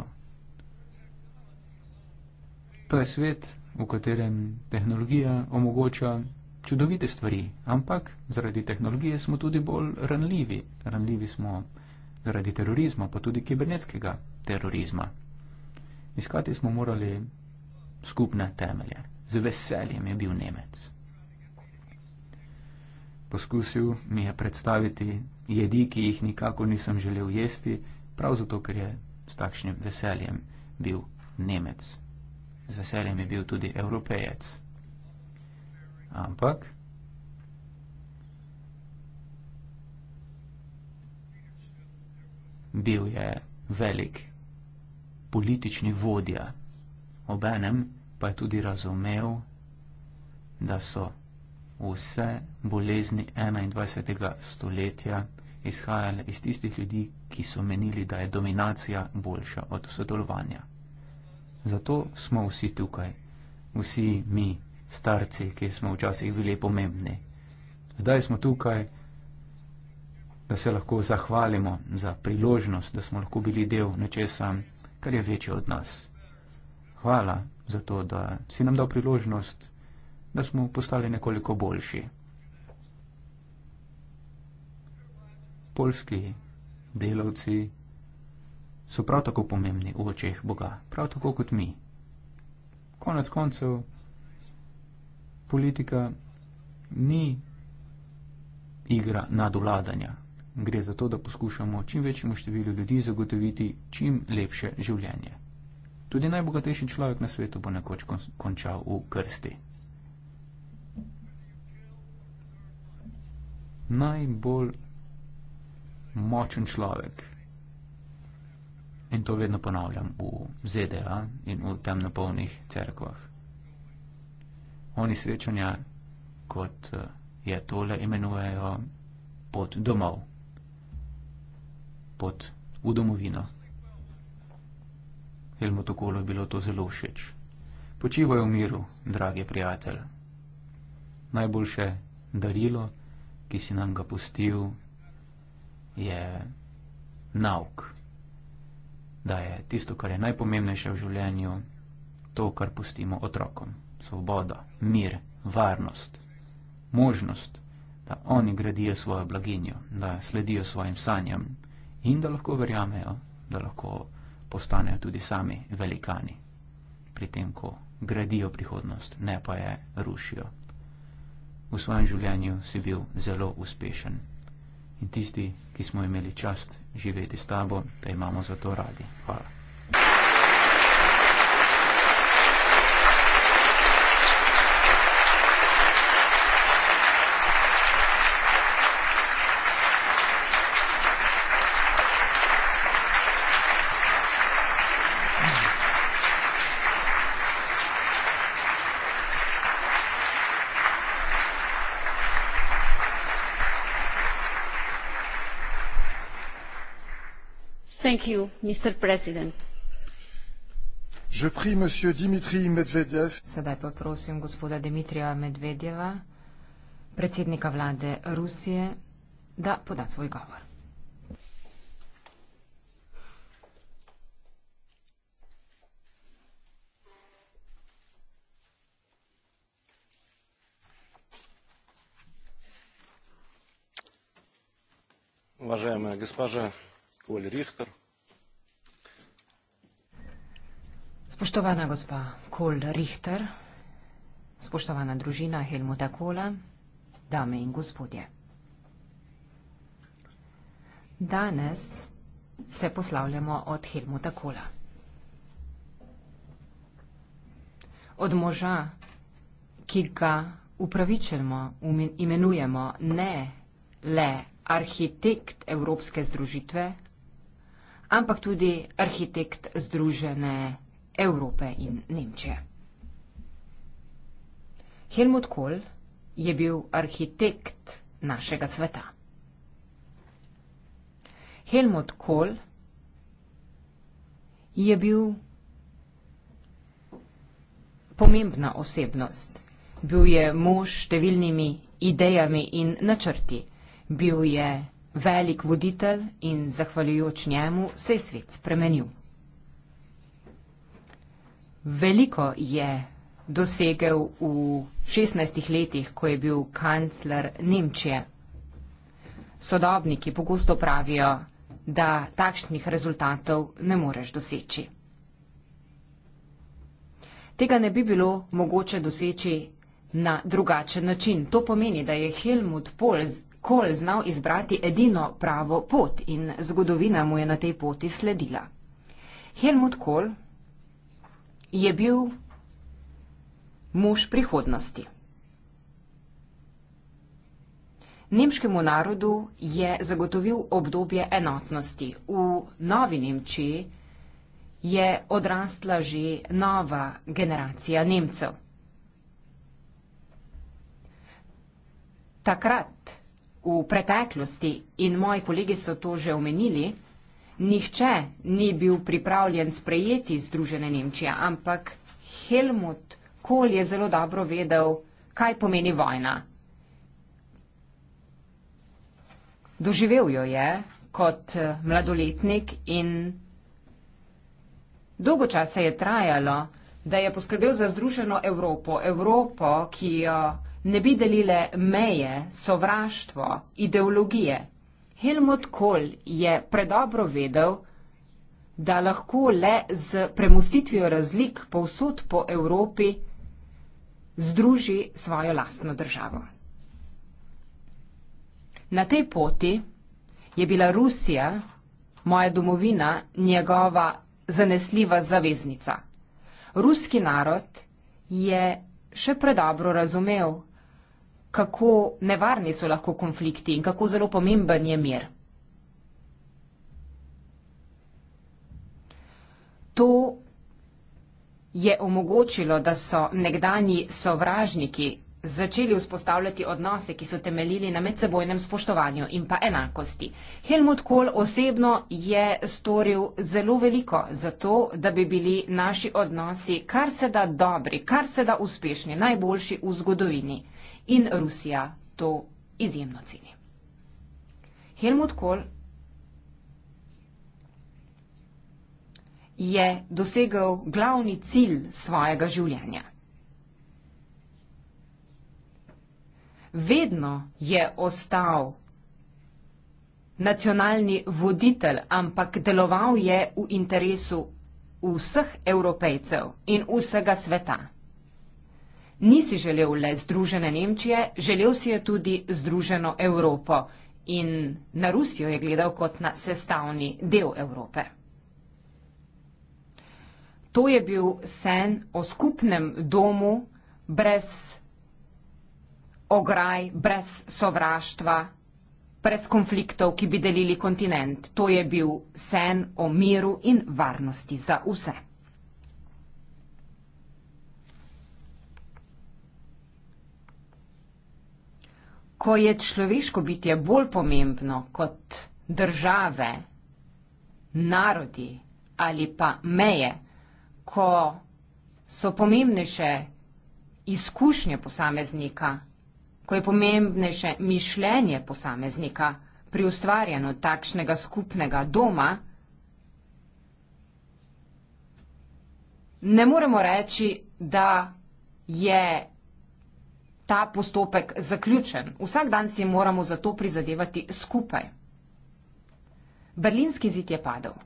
To je svet, v katerem tehnologija omogoča čudovite stvari, ampak zaradi tehnologije smo tudi bolj ranljivi. Ranljivi smo zaradi terorizma, pa tudi kibernetskega terorizma. Iskati smo morali skupne temelje. Z veseljem je bil Nemec poskusil mi je predstaviti jedi, ki jih nikako nisem želel jesti, prav zato, ker je s takšnim veseljem bil Nemec. Z veseljem je bil tudi Evropejec. Ampak. Bil je velik politični vodja, obenem pa je tudi razumel, da so vse bolezni 21. stoletja izhajale iz tistih ljudi, ki so menili, da je dominacija boljša od sodelovanja. Zato smo vsi tukaj, vsi mi, starci, ki smo včasih bili pomembni. Zdaj smo tukaj, da se lahko zahvalimo za priložnost, da smo lahko bili del nečesa, kar je večje od nas. Hvala za to, da si nam dal priložnost da smo postali nekoliko boljši. Polski delavci so prav tako pomembni v očeh Boga, prav tako kot mi. Konec koncev, politika ni igra nadvladanja. Gre za to, da poskušamo čim večjemu številu ljudi zagotoviti čim lepše življenje. Tudi najbogatejši človek na svetu bo nekoč končal v krsti. najbolj močen človek. In to vedno ponavljam v ZDA in v temnopolnih cerkvah. Oni srečanja, kot eh, je tole, imenujejo pot domov, pot v domovino. Helmut Okolo je bilo to zelo všeč. Počivaj v miru, dragi prijatelj. Najboljše darilo ki si nam ga pustil, je nauk, da je tisto, kar je najpomembnejše v življenju, to, kar pustimo otrokom. Svoboda, mir, varnost, možnost, da oni gradijo svojo blaginjo, da sledijo svojim sanjam in da lahko verjamejo, da lahko postanejo tudi sami velikani pri tem, ko gradijo prihodnost, ne pa je rušijo v svojem življenju si bil zelo uspešen. In tisti, ki smo imeli čast živeti s tabo, te imamo zato radi. Hvala. Thank you, Mr. President. Je prie monsieur Dimitri Medvedev. Sedaj pa prosim gospoda Dimitrija Medvedjeva, predsednika vlade Rusije, da poda svoj govor. Уважаемая госпожа Коль Рихтер, Spoštovana gospa Kol Richter, spoštovana družina Helmuta Kola, dame in gospodje. Danes se poslavljamo od Helmuta Kola. Od moža, ki ga upravičeno imenujemo ne le arhitekt Evropske združitve, ampak tudi arhitekt Združene Evrope in Nemčije. Helmut Kohl je bil arhitekt našega sveta. Helmut Kohl je bil pomembna osebnost. Bil je mož številnimi idejami in načrti. Bil je velik voditelj in zahvaljujoč njemu se je svet spremenil. Veliko je dosegel v 16 letih, ko je bil kancler Nemčije. Sodobniki pogosto pravijo, da takšnih rezultatov ne moreš doseči. Tega ne bi bilo mogoče doseči na drugačen način. To pomeni, da je Helmut Kohl znal izbrati edino pravo pot in zgodovina mu je na tej poti sledila. Helmut Kohl je bil muž prihodnosti. Nemškemu narodu je zagotovil obdobje enotnosti. V novi Nemčiji je odrastla že nova generacija Nemcev. Takrat, v preteklosti, in moji kolegi so to že omenili, nihče ni bil pripravljen sprejeti Združene Nemčije, ampak Helmut Kohl je zelo dobro vedel, kaj pomeni vojna. Doživel jo je kot eh, mladoletnik in dolgo časa je trajalo, da je poskrbel za Združeno Evropo, Evropo, ki jo ne bi delile meje, sovraštvo, ideologije. Helmut Kohl je predobro vedel, da lahko le z premustitvijo razlik povsod po Evropi združi svojo lastno državo. Na tej poti je bila Rusija, moja domovina, njegova zanesljiva zaveznica. Ruski narod je še predobro razumel, kako nevarni so lahko konflikti in kako zelo pomemben je mir. To je omogočilo, da so nekdani sovražniki začeli vzpostavljati odnose, ki so temeljili na medsebojnem spoštovanju in pa enakosti. Helmut Kohl osebno je storil zelo veliko za to, da bi bili naši odnosi kar se da dobri, kar se da uspešni, najboljši v zgodovini. In Rusija to izjemno ceni. Helmut Kohl je dosegel glavni cilj svojega življenja. vedno je ostal nacionalni voditelj, ampak deloval je v interesu vseh evropejcev in vsega sveta. Nisi želel le združene Nemčije, želel si je tudi združeno Evropo in na Rusijo je gledal kot na sestavni del Evrope. To je bil sen o skupnem domu brez ograj brez sovraštva, brez konfliktov, ki bi delili kontinent. To je bil sen o miru in varnosti za vse. Ko je človeško bitje bolj pomembno kot države, narodi ali pa meje, ko so pomembnejše izkušnje posameznika, ko je pomembnejše mišljenje posameznika pri ustvarjanju takšnega skupnega doma, ne moremo reči, da je ta postopek zaključen. Vsak dan si moramo za to prizadevati skupaj. Berlinski zid je padel.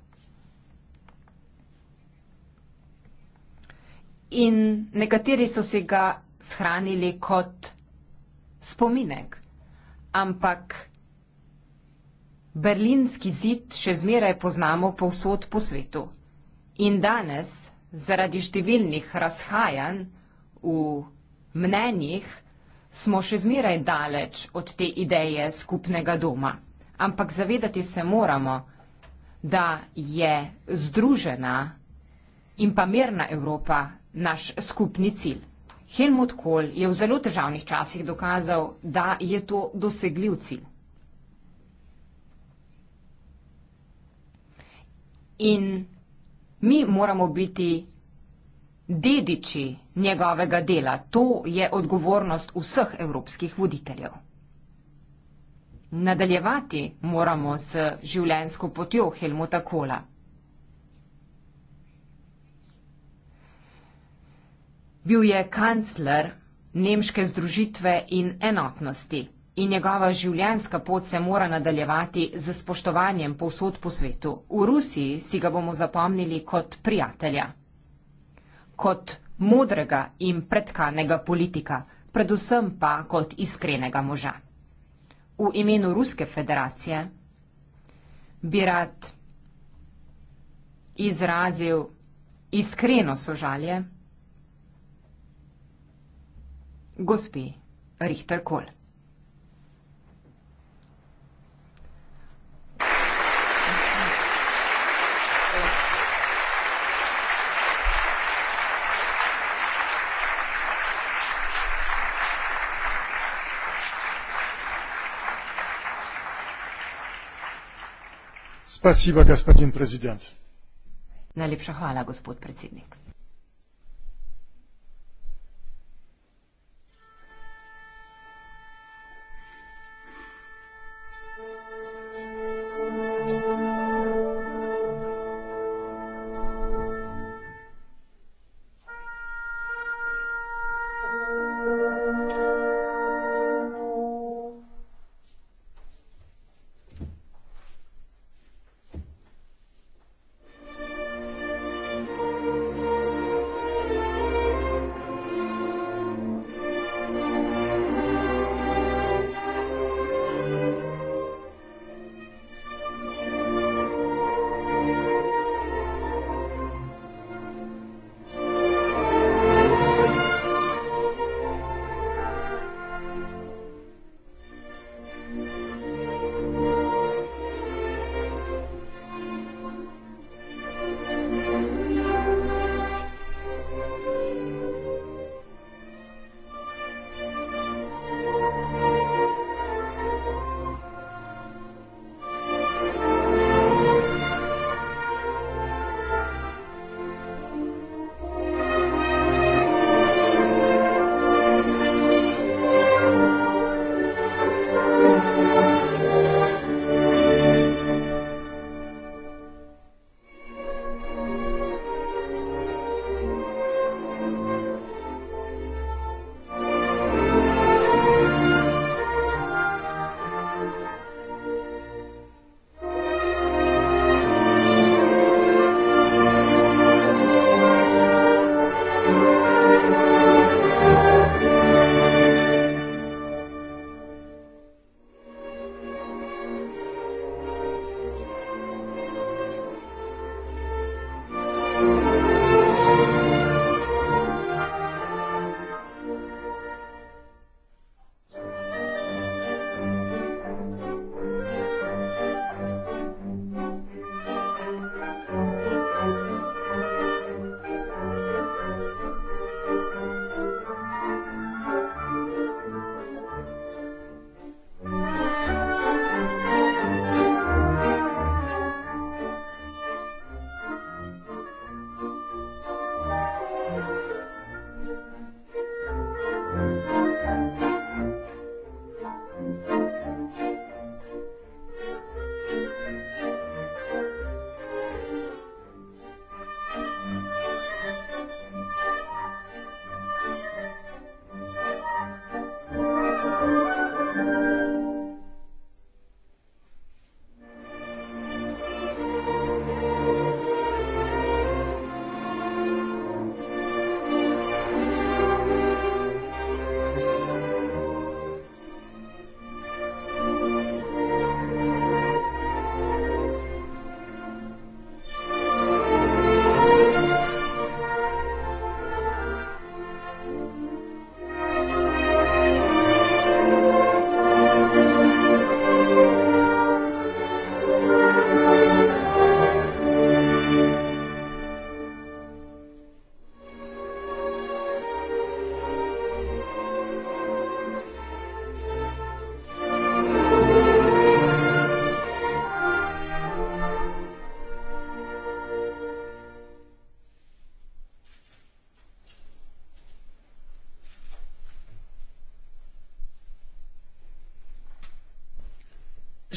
In nekateri so si ga shranili kot spominek, ampak berlinski zid še zmeraj poznamo povsod po svetu. In danes, zaradi številnih razhajanj v mnenjih, smo še zmeraj daleč od te ideje skupnega doma. Ampak zavedati se moramo, da je združena in pa mirna Evropa naš skupni cilj. Helmut Kohl je v zelo težavnih časih dokazal, da je to dosegljiv cilj. In mi moramo biti dediči njegovega dela. To je odgovornost vseh evropskih voditeljev. Nadaljevati moramo z življenjsko potjo Helmuta Kohla. Bil je kancler nemške združitve in enotnosti in njegova življenjska pot se mora nadaljevati z spoštovanjem povsod po svetu. V Rusiji si ga bomo zapomnili kot prijatelja, kot modrega in predkanega politika, predvsem pa kot iskrenega moža. V imenu Ruske federacije bi rad izrazil iskreno sožalje, gospe Richter Kohl. Najlepša hvala, gospod predsednik.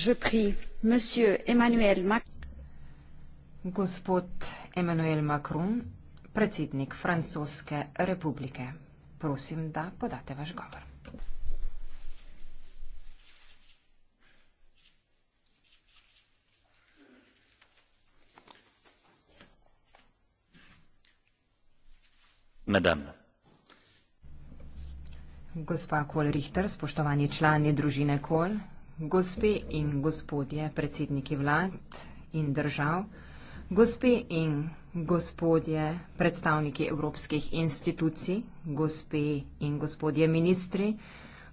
je prie, monsieur Emmanuel Macron. Gospod Emmanuel Macron, predsednik Francoske republike, prosim, da podate vaš govor. Madame. Gospa Kohl-Richter, spoštovani člani družine Kohl, gospe in gospodje predsedniki vlad in držav, gospe in gospodje predstavniki evropskih institucij, gospe in gospodje ministri,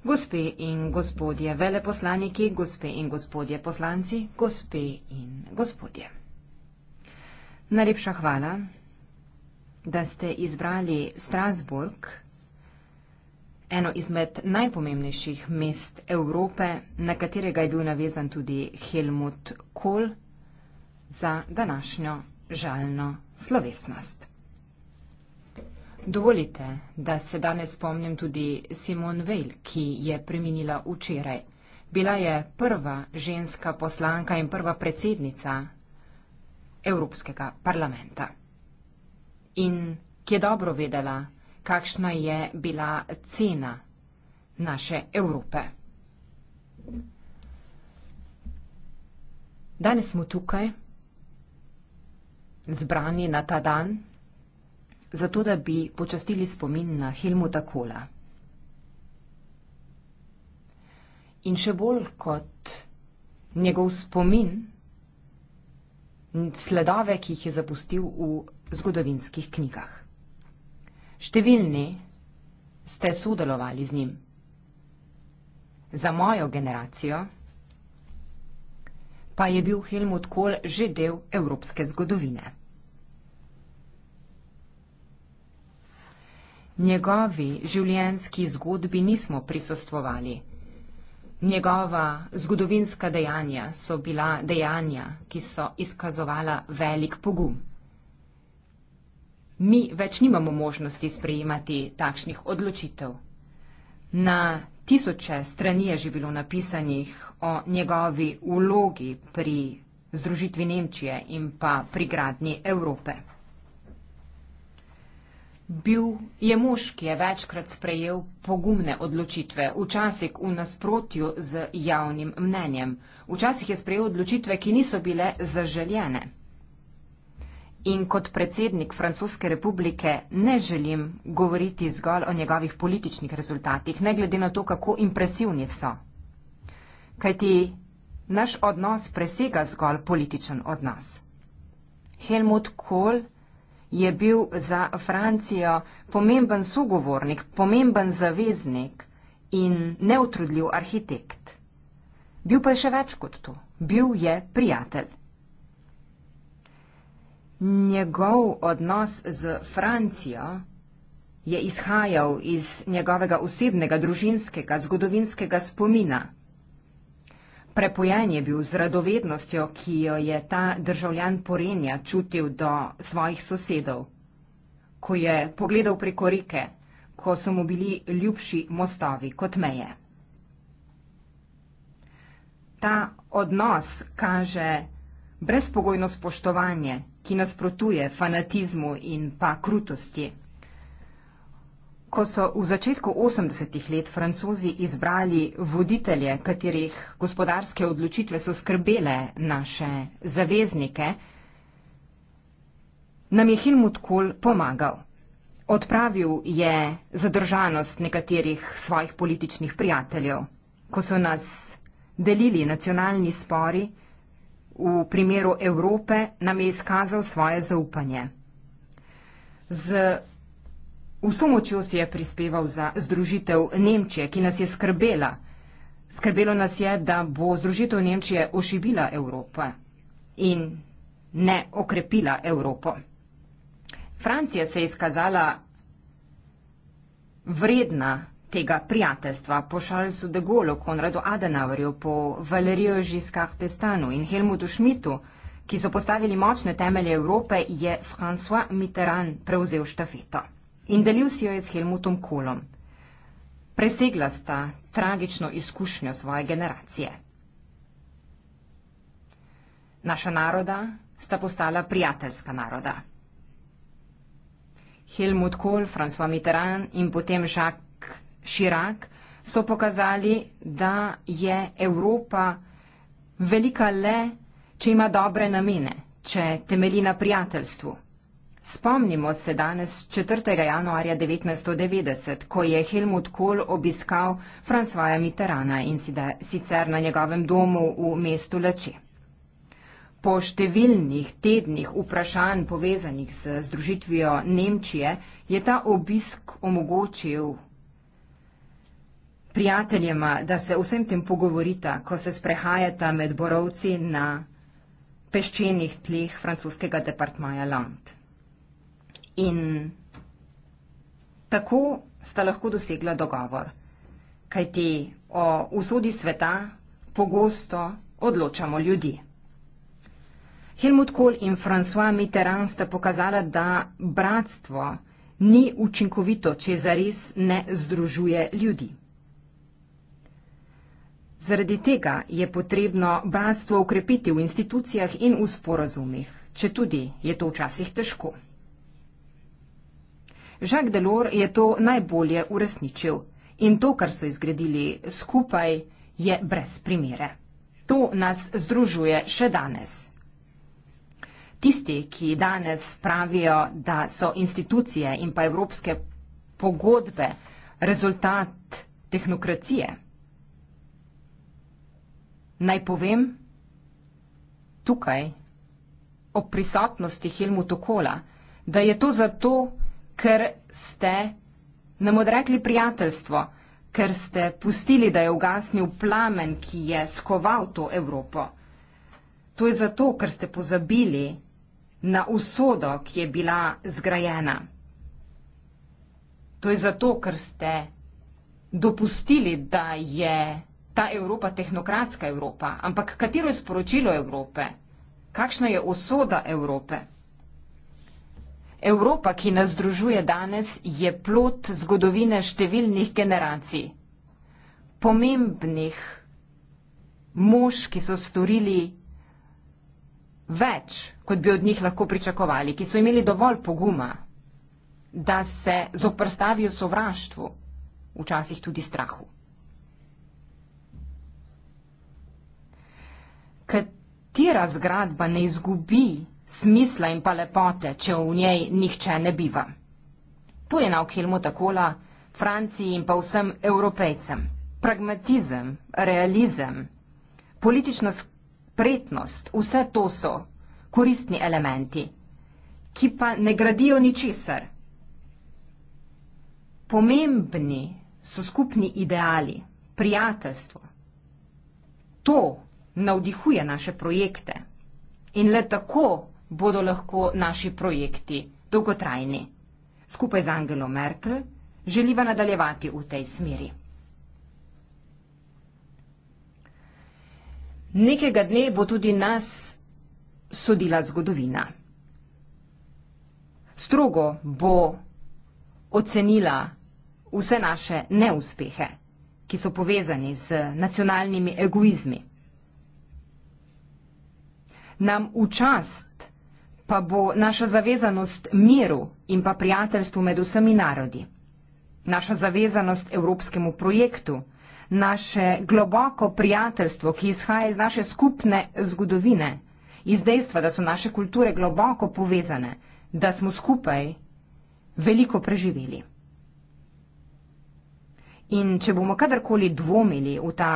gospe in gospodje veleposlaniki, gospe in gospodje poslanci, gospe in gospodje. Najlepša hvala, da ste izbrali Strasburg, eno izmed najpomembnejših mest Evrope, na katerega je bil navezan tudi Helmut Kohl za današnjo žalno slovesnost. Dovolite, da se danes spomnim tudi Simon Veil, ki je preminila včeraj. Bila je prva ženska poslanka in prva predsednica Evropskega parlamenta. In ki je dobro vedela, kakšna je bila cena naše Evrope. Danes smo tukaj, zbrani na ta dan, zato da bi počastili spomin na Helmuta Kola. In še bolj kot njegov spomin, sledove, ki jih je zapustil v zgodovinskih knjigah. Številni ste sodelovali z njim. Za mojo generacijo pa je bil Helmut Kohl že del evropske zgodovine. Njegovi življenjski zgodbi nismo prisostvovali. Njegova zgodovinska dejanja so bila dejanja, ki so izkazovala velik pogum mi več nimamo možnosti sprejemati takšnih odločitev. Na tisoče strani je že bilo napisanih o njegovi vlogi pri združitvi Nemčije in pa pri gradnji Evrope. Bil je mož, ki je večkrat sprejel pogumne odločitve, včasih v nasprotju z javnim mnenjem, včasih je sprejel odločitve, ki niso bile zaželjene in kot predsednik Francoske republike ne želim govoriti zgolj o njegovih političnih rezultatih, ne glede na to, kako impresivni so. Kajti naš odnos presega zgolj političen odnos. Helmut Kohl je bil za Francijo pomemben sogovornik, pomemben zaveznik in neutrudljiv arhitekt. Bil pa je še več kot to. Bil je prijatelj njegov odnos z Francijo je izhajal iz njegovega osebnega družinskega zgodovinskega spomina. Prepojen je bil z radovednostjo, ki jo je ta državljan Porenja čutil do svojih sosedov. Ko je pogledal preko rike, ko so mu bili ljubši mostovi kot meje. Ta odnos kaže brezpogojno spoštovanje ki nasprotuje fanatizmu in pa krutosti. Ko so v začetku 80-ih let francozi izbrali voditelje, katerih gospodarske odločitve so skrbele naše zaveznike, nam je Helmut Kohl pomagal. Odpravil je zadržanost nekaterih svojih političnih prijateljev, ko so nas delili nacionalni spori, v primeru Evrope nam je izkazal svoje zaupanje. Z vso močjo si je prispeval za združitev Nemčije, ki nas je skrbela. Skrbelo nas je, da bo združitev Nemčije ošibila Evropo in ne okrepila Evropo. Francija se je izkazala vredna tega prijateljstva po Charlesu de Gaulle, Konradu Adenauerju, po Valeriju Žiskah Testanu in Helmutu Schmidtu, ki so postavili močne temelje Evrope, je François Mitterrand prevzel štafeto in delil si jo je s Helmutom Kohlom. Presegla sta tragično izkušnjo svoje generacije. Naša naroda sta postala prijateljska naroda. Helmut Kohl, François Mitterrand in potem Jacques Širak, so pokazali, da je Evropa velika le, če ima dobre namene, če temelji na prijateljstvu. Spomnimo se danes 4. januarja 1990, ko je Helmut Kohl obiskal Fransvaja Mitterana in sicer na njegovem domu v mestu Leče. Po številnih tednih vprašanj povezanih z združitvijo Nemčije je ta obisk omogočil prijateljema, da se vsem tem pogovorita, ko se sprehajata med borovci na peščenih tleh francoskega departmaja Land. In tako sta lahko dosegla dogovor, kajti o usodi sveta pogosto odločamo ljudi. Helmut Kohl in François Mitterrand sta pokazala, da bratstvo ni učinkovito, če zares ne združuje ljudi. Zaradi tega je potrebno bratstvo ukrepiti v institucijah in v sporazumih, če tudi je to včasih težko. Žak Delor je to najbolje uresničil in to, kar so izgradili skupaj, je brez primere. To nas združuje še danes. Tisti, ki danes pravijo, da so institucije in pa evropske pogodbe rezultat tehnokracije, Naj povem, tukaj, ob prisotnosti Helmuta Kola, da je to zato, ker ste nam odrekli prijateljstvo, ker ste pustili, da je ugasnil plamen, ki je skoval to Evropo. To je zato, ker ste pozabili na usodo, ki je bila zgrajena. To je zato, ker ste dopustili, da je ta Evropa tehnokratska Evropa, ampak katero je sporočilo Evrope? Kakšna je usoda Evrope? Evropa, ki nas združuje danes, je plot zgodovine številnih generacij, pomembnih mož, ki so storili več, kot bi od njih lahko pričakovali, ki so imeli dovolj poguma, da se zoprstavijo sovraštvu, včasih tudi strahu. katera zgradba ne izgubi smisla in pa lepote, če v njej nihče ne biva. To je naokilmo takola Franciji in pa vsem evropejcem. Pragmatizem, realizem, politična spretnost, vse to so koristni elementi, ki pa ne gradijo ničesar. Pomembni so skupni ideali, prijateljstvo. To navdihuje naše projekte. In le tako bodo lahko naši projekti dolgotrajni. Skupaj z Angelo Merkel želiva nadaljevati v tej smeri. Nekega dne bo tudi nas sodila zgodovina. Strogo bo ocenila vse naše neuspehe, ki so povezani z nacionalnimi egoizmi nam v čast, pa bo naša zavezanost miru in pa prijateljstvu med vsemi narodi. Naša zavezanost evropskemu projektu, naše globoko prijateljstvo, ki izhaja iz naše skupne zgodovine, iz dejstva, da so naše kulture globoko povezane, da smo skupaj veliko preživeli. In če bomo kadarkoli dvomili v ta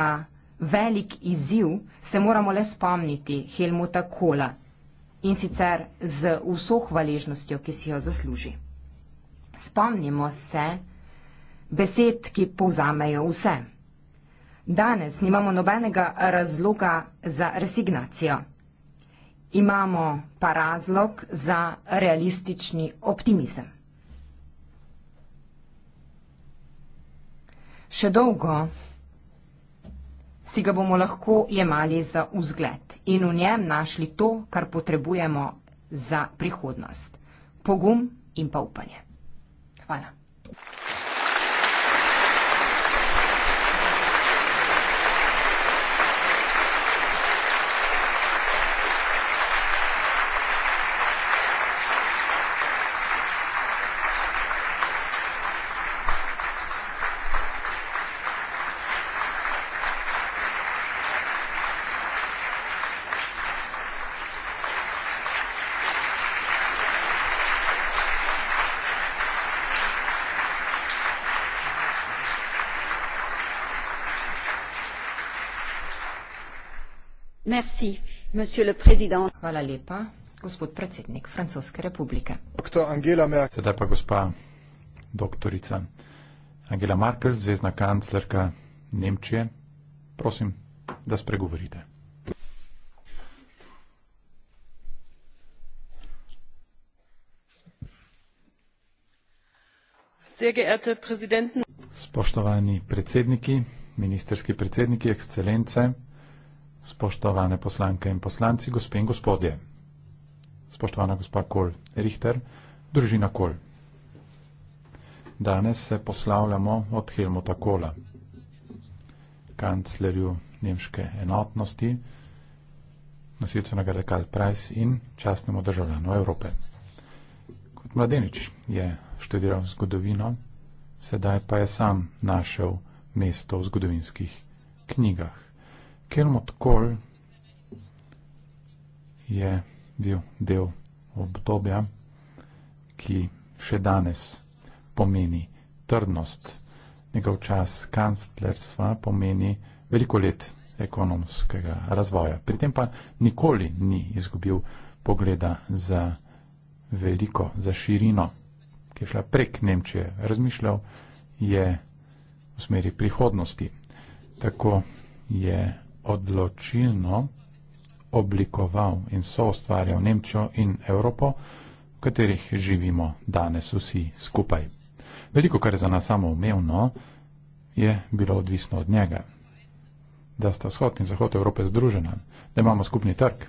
velik izziv, se moramo le spomniti Helmuta Kola in sicer z vso hvaležnostjo, ki si jo zasluži. Spomnimo se besed, ki povzamejo vse. Danes nimamo nobenega razloga za resignacijo. Imamo pa razlog za realistični optimizem. Še dolgo si ga bomo lahko jemali za vzgled in v njem našli to, kar potrebujemo za prihodnost. Pogum in pa upanje. Hvala. Merci, monsieur le président. Hvala lepa, gospod predsednik Francoske republike. Doktor Angela Merkel. Sedaj pa gospa doktorica Angela Merkel, zvezdna kanclerka Nemčije. Prosim, da spregovorite. Spoštovani predsedniki, ministerski predsedniki, ekscelence, spoštovane poslanke in poslanci, gospe in gospodje. Spoštovana gospa Kol Richter, družina Kol. Danes se poslavljamo od Helmuta Kola, kanclerju Nemške enotnosti, nosilcu nagrade Karl Price in častnemu državljanu Evrope. Kot mladenič je študiral zgodovino, sedaj pa je sam našel mesto v zgodovinskih knjigah. Kelmot Kol je bil del obdobja, ki še danes pomeni trdnost. Njegov čas kanclerstva pomeni veliko let ekonomskega razvoja. Pri tem pa nikoli ni izgubil pogleda za veliko, za širino, ki je šla prek Nemčije. Razmišljal je v smeri prihodnosti. Tako je odločilno oblikoval in so ustvarjal Nemčijo in Evropo, v katerih živimo danes vsi skupaj. Veliko, kar je za nas samo umevno, je bilo odvisno od njega. Da sta shod in zahod Evrope združena, da imamo skupni trg,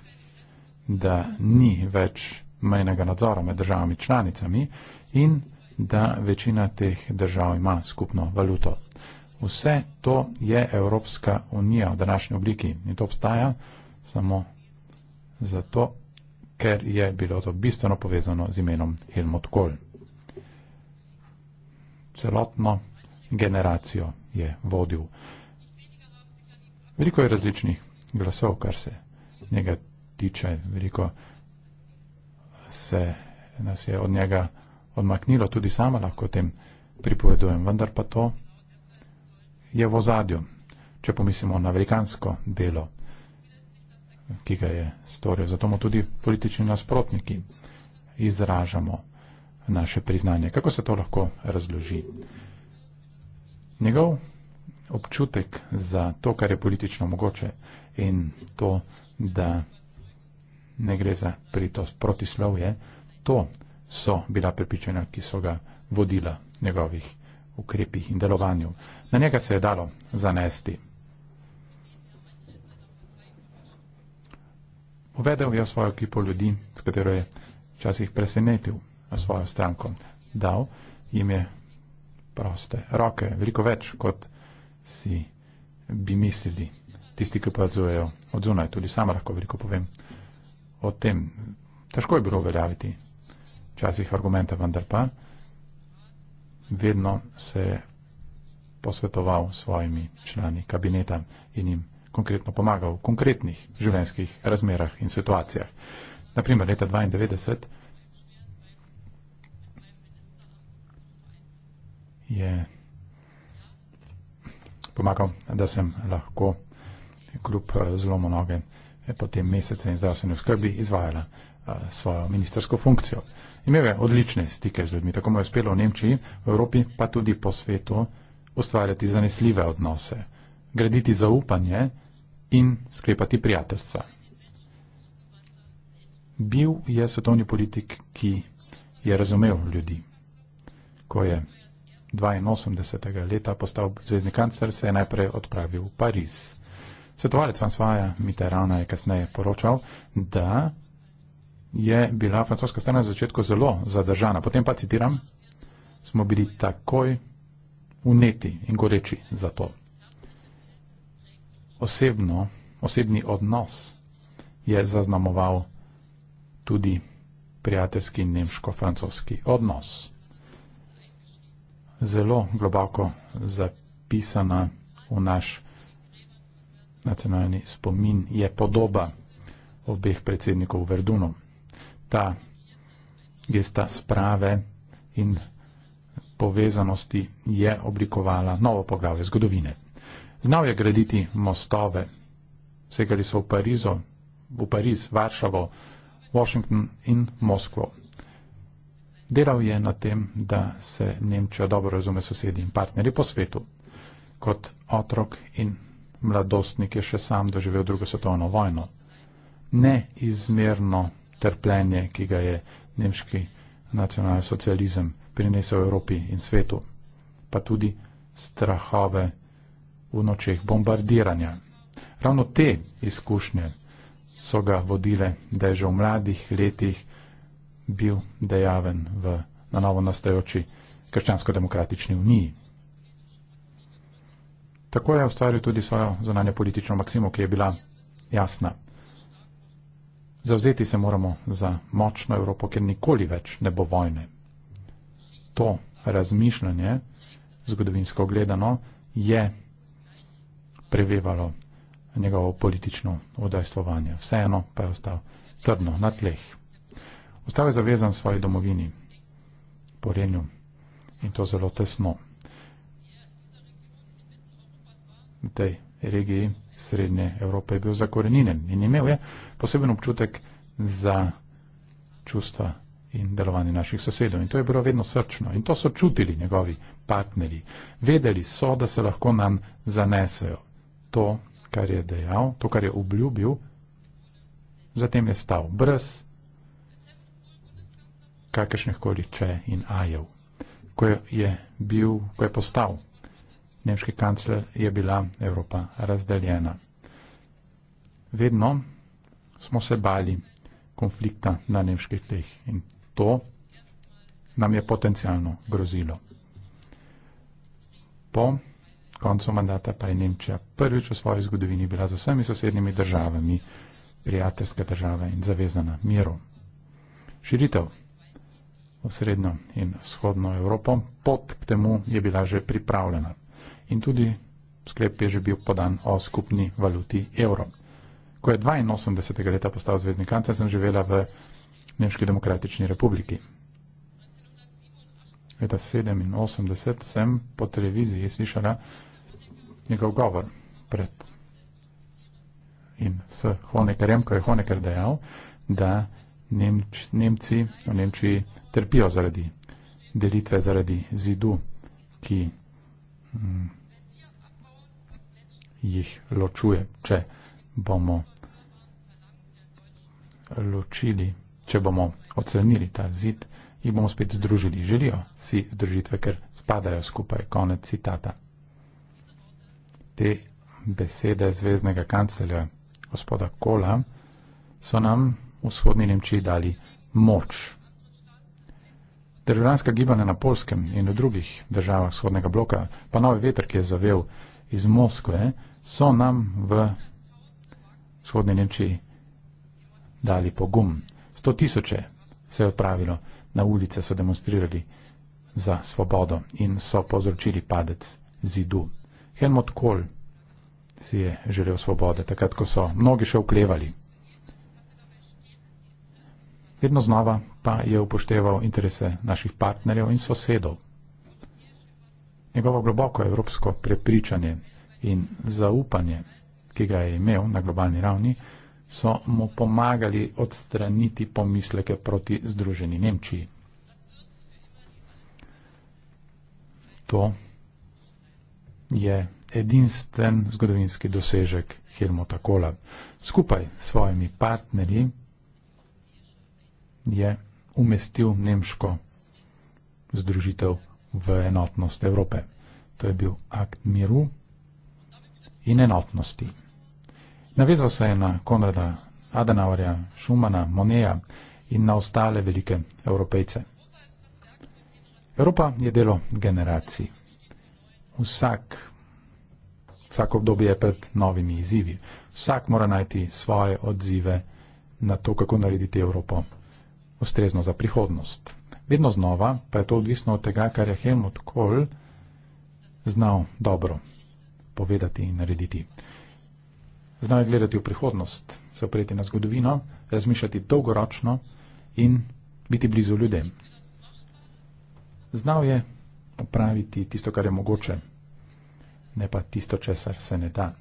da ni več mejnega nadzora med državami članicami in da večina teh držav ima skupno valuto. Vse to je Evropska unija v današnji obliki in to obstaja samo zato, ker je bilo to bistveno povezano z imenom Helmut Kohl. Celotno generacijo je vodil. Veliko je različnih glasov, kar se njega tiče. Veliko se nas je od njega odmaknilo, tudi sama lahko o tem pripovedujem, vendar pa to je v ozadju, če pomislimo na velikansko delo, ki ga je storil. Zato mu tudi politični nasprotniki izražamo naše priznanje. Kako se to lahko razloži? Njegov občutek za to, kar je politično mogoče in to, da ne gre za pritost protislovje, to so bila prepričanja, ki so ga vodila njegovih ukrepih in delovanju. Na njega se je dalo zanesti. Uvedel je svojo ekipo ljudi, katero je včasih presenetil na svojo stranko. Dal jim je proste roke, veliko več, kot si bi mislili tisti, ki opazujejo od zunaj. Tudi sam lahko veliko povem o tem. Težko je bilo uveljaviti včasih argumente, vendar pa vedno se je posvetoval s svojimi člani kabineta in jim konkretno pomagal v konkretnih življenjskih razmerah in situacijah. Naprimer, leta 92 je pomagal, da sem lahko kljub eh, zlomu noge eh, potem mesece in zdravstvene skrbi izvajala eh, svojo ministersko funkcijo. Imel je odlične stike z ljudmi, tako mu je uspelo v Nemčiji, v Evropi pa tudi po svetu ustvarjati zanesljive odnose, graditi zaupanje in sklepati prijateljstva. Bil je svetovni politik, ki je razumel ljudi. Ko je 82. leta postal zvezdni kancler, se je najprej odpravil v Pariz. Svetovalec Fransvaja Mitterranda je kasneje poročal, da je bila francoska strana na začetku zelo zadržana. Potem pa citiram, smo bili takoj uneti in goreči za to. Osebno, osebni odnos je zaznamoval tudi prijateljski nemško-francoski odnos. Zelo globoko zapisana v naš nacionalni spomin je podoba obeh predsednikov Verdunov ta gesta sprave in povezanosti je oblikovala novo poglavje zgodovine. Znal je graditi mostove, segali so v Parizo, v Pariz, Varšavo, Washington in Moskvo. Delal je na tem, da se Nemčija dobro razume sosedi in partnerji po svetu. Kot otrok in mladostnik je še sam doživel drugo svetovno vojno. Neizmerno trpljenje, ki ga je nemški nacionalsocializem prinesel Evropi in svetu, pa tudi strahove v nočeh bombardiranja. Ravno te izkušnje so ga vodile, da je že v mladih letih bil dejaven v na novo nastajoči Krščansko-demokratični uniji. Tako je ustvaril tudi svojo zunanje politično maksimo, ki je bila jasna. Zavzeti se moramo za močno Evropo, ker nikoli več ne bo vojne. To razmišljanje, zgodovinsko gledano, je prevevalo njegovo politično odajstvovanje. Vseeno pa je ostal trdno na tleh. Ostal je zavezan svoji domovini, porenju in to zelo tesno. V tej regiji srednje Evrope je bil zakorenjen in imel je. Ja? poseben občutek za čustva in delovanje naših sosedov. In to je bilo vedno srčno. In to so čutili njegovi partnerji. Vedeli so, da se lahko nam zanesejo. To, kar je dejal, to, kar je obljubil, zatem je stal brez kakršnih koli če in ajev. Ko je, bil, ko je postal nemški kancler, je bila Evropa razdeljena. Vedno smo se bali konflikta na nemških tleh in to nam je potencialno grozilo. Po koncu mandata pa je Nemčija prvič v svoji zgodovini bila z vsemi sosednjimi državami prijateljska država in zavezana miru. Širitev v srednjo in vzhodno Evropo, pot k temu je bila že pripravljena in tudi sklep je že bil podan o skupni valuti evrom ko je 82. leta postal zvezdni kancler, sem živela v Nemški demokratični republiki. Leta 87 sem po televiziji slišala njegov govor pred in s Honeckerjem, ko je Honecker dejal, da Nemč, Nemci v Nemčiji trpijo zaradi delitve, zaradi zidu, ki hm, jih ločuje, če bomo ločili, če bomo ocenili ta zid, jih bomo spet združili. Želijo si združitve, ker spadajo skupaj. Konec citata. Te besede zvezdnega kancelja gospoda Kola so nam v vzhodni Nemčiji dali moč. Državljanska gibanja na Polskem in v drugih državah vzhodnega bloka, pa novi veter, ki je zavel iz Moskve, so nam v vzhodni Nemčiji dali pogum. Sto tisoče se je odpravilo na ulice, so demonstrirali za svobodo in so povzročili padec zidu. Helmut Kohl si je želel svobode, takrat, ko so mnogi še oklevali. Vedno znova pa je upošteval interese naših partnerjev in sosedov. Njegovo globoko evropsko prepričanje in zaupanje, ki ga je imel na globalni ravni, so mu pomagali odstraniti pomisleke proti Združeni Nemčiji. To je edinsten zgodovinski dosežek Helmuta Kola. Skupaj s svojimi partnerji je umestil nemško združitev v enotnost Evrope. To je bil akt miru in enotnosti. Navezal se je na Konrada Adenauerja, Šumana, Moneja in na ostale velike evropejce. Evropa je delo generacij. Vsak, vsako obdobje je pred novimi izzivi. Vsak mora najti svoje odzive na to, kako narediti Evropo ustrezno za prihodnost. Vedno znova pa je to odvisno od tega, kar je Helmut Kohl znal dobro povedati in narediti znajo gledati v prihodnost, se opreti na zgodovino, razmišljati dolgoročno in biti blizu ljudem. Znal je opraviti tisto, kar je mogoče, ne pa tisto, česar se ne da.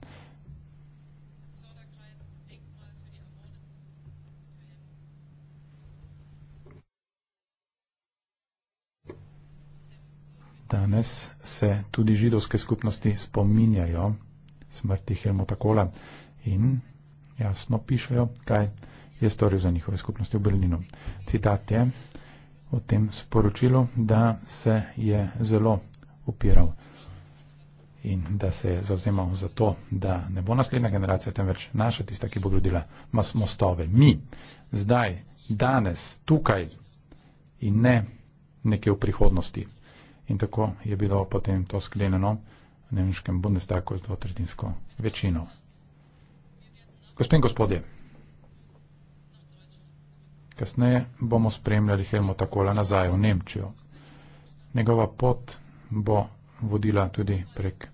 Danes se tudi židovske skupnosti spominjajo smrti Helmuta Kola in jasno pišajo, kaj je storil za njihove skupnosti v Berlinu. Citat je o tem sporočilu, da se je zelo upiral in da se je zauzemal za to, da ne bo naslednja generacija, temveč naša tista, ki bo gradila mostove. Mi, zdaj, danes, tukaj in ne nekje v prihodnosti. In tako je bilo potem to sklenjeno v nemškem Bundestagu z dvotretinsko večino. Gospod in gospodje, kasneje bomo spremljali Helmuta Kola nazaj v Nemčijo. Njegova pot bo vodila tudi prek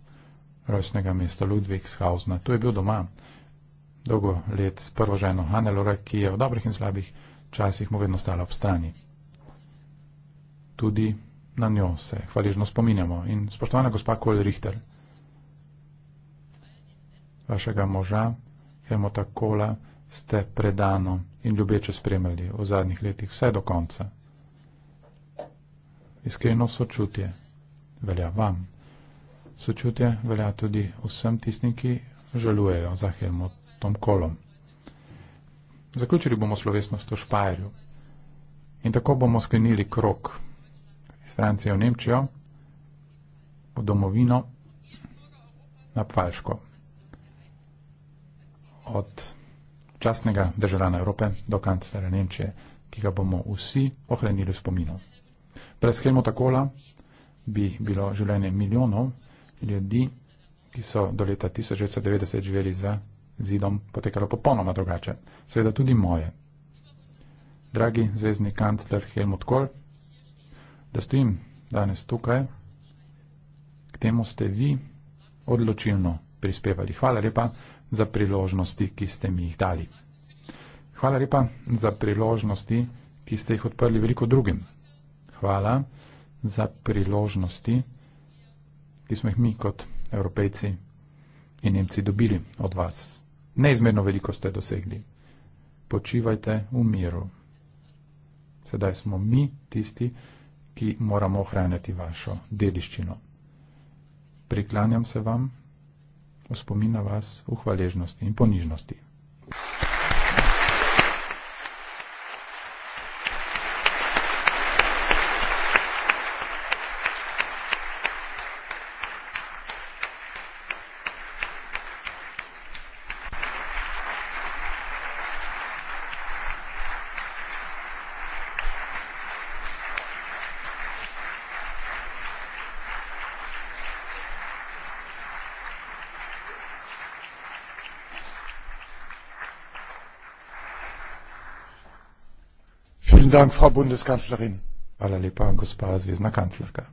rojstnega mesta Ludwigshausna. Tu je bil doma dolgo let s prvo ženo Hannelore, ki je v dobrih in slabih časih mu vedno stala ob strani. Tudi na njo se hvaležno spominjamo. In spoštovana gospa Kohl Richter, vašega moža, imamo ta kola, ste predano in ljubeče spremljali v zadnjih letih vse do konca. Iskreno sočutje velja vam. Sočutje velja tudi vsem tistim, ki žalujejo za Helmutom kolom. Zaključili bomo slovesnost v Špajerju in tako bomo sklenili krok iz Francije v Nemčijo, v domovino, na Pfalško od častnega državljana Evrope do kanclera Nemčije, ki ga bomo vsi ohranili v spominu. Brez Helmo Takola bi bilo življenje milijonov ljudi, ki so do leta 1990 živeli za zidom, potekalo popolnoma drugače. Seveda tudi moje. Dragi zvezdni kancler Helmut Kohl, da stojim danes tukaj, k temu ste vi odločilno prispevali. Hvala lepa za priložnosti, ki ste mi jih dali. Hvala lepa za priložnosti, ki ste jih odprli veliko drugim. Hvala za priložnosti, ki smo jih mi kot evropejci in nemci dobili od vas. Neizmerno veliko ste dosegli. Počivajte v miru. Sedaj smo mi tisti, ki moramo ohranjati vašo dediščino. Priklanjam se vam u spomina vas u hvalježnosti i ponižnosti. Herzlichen Dank, Frau Bundeskanzlerin. Hvala lepa, gospa zvezdna kanclerka.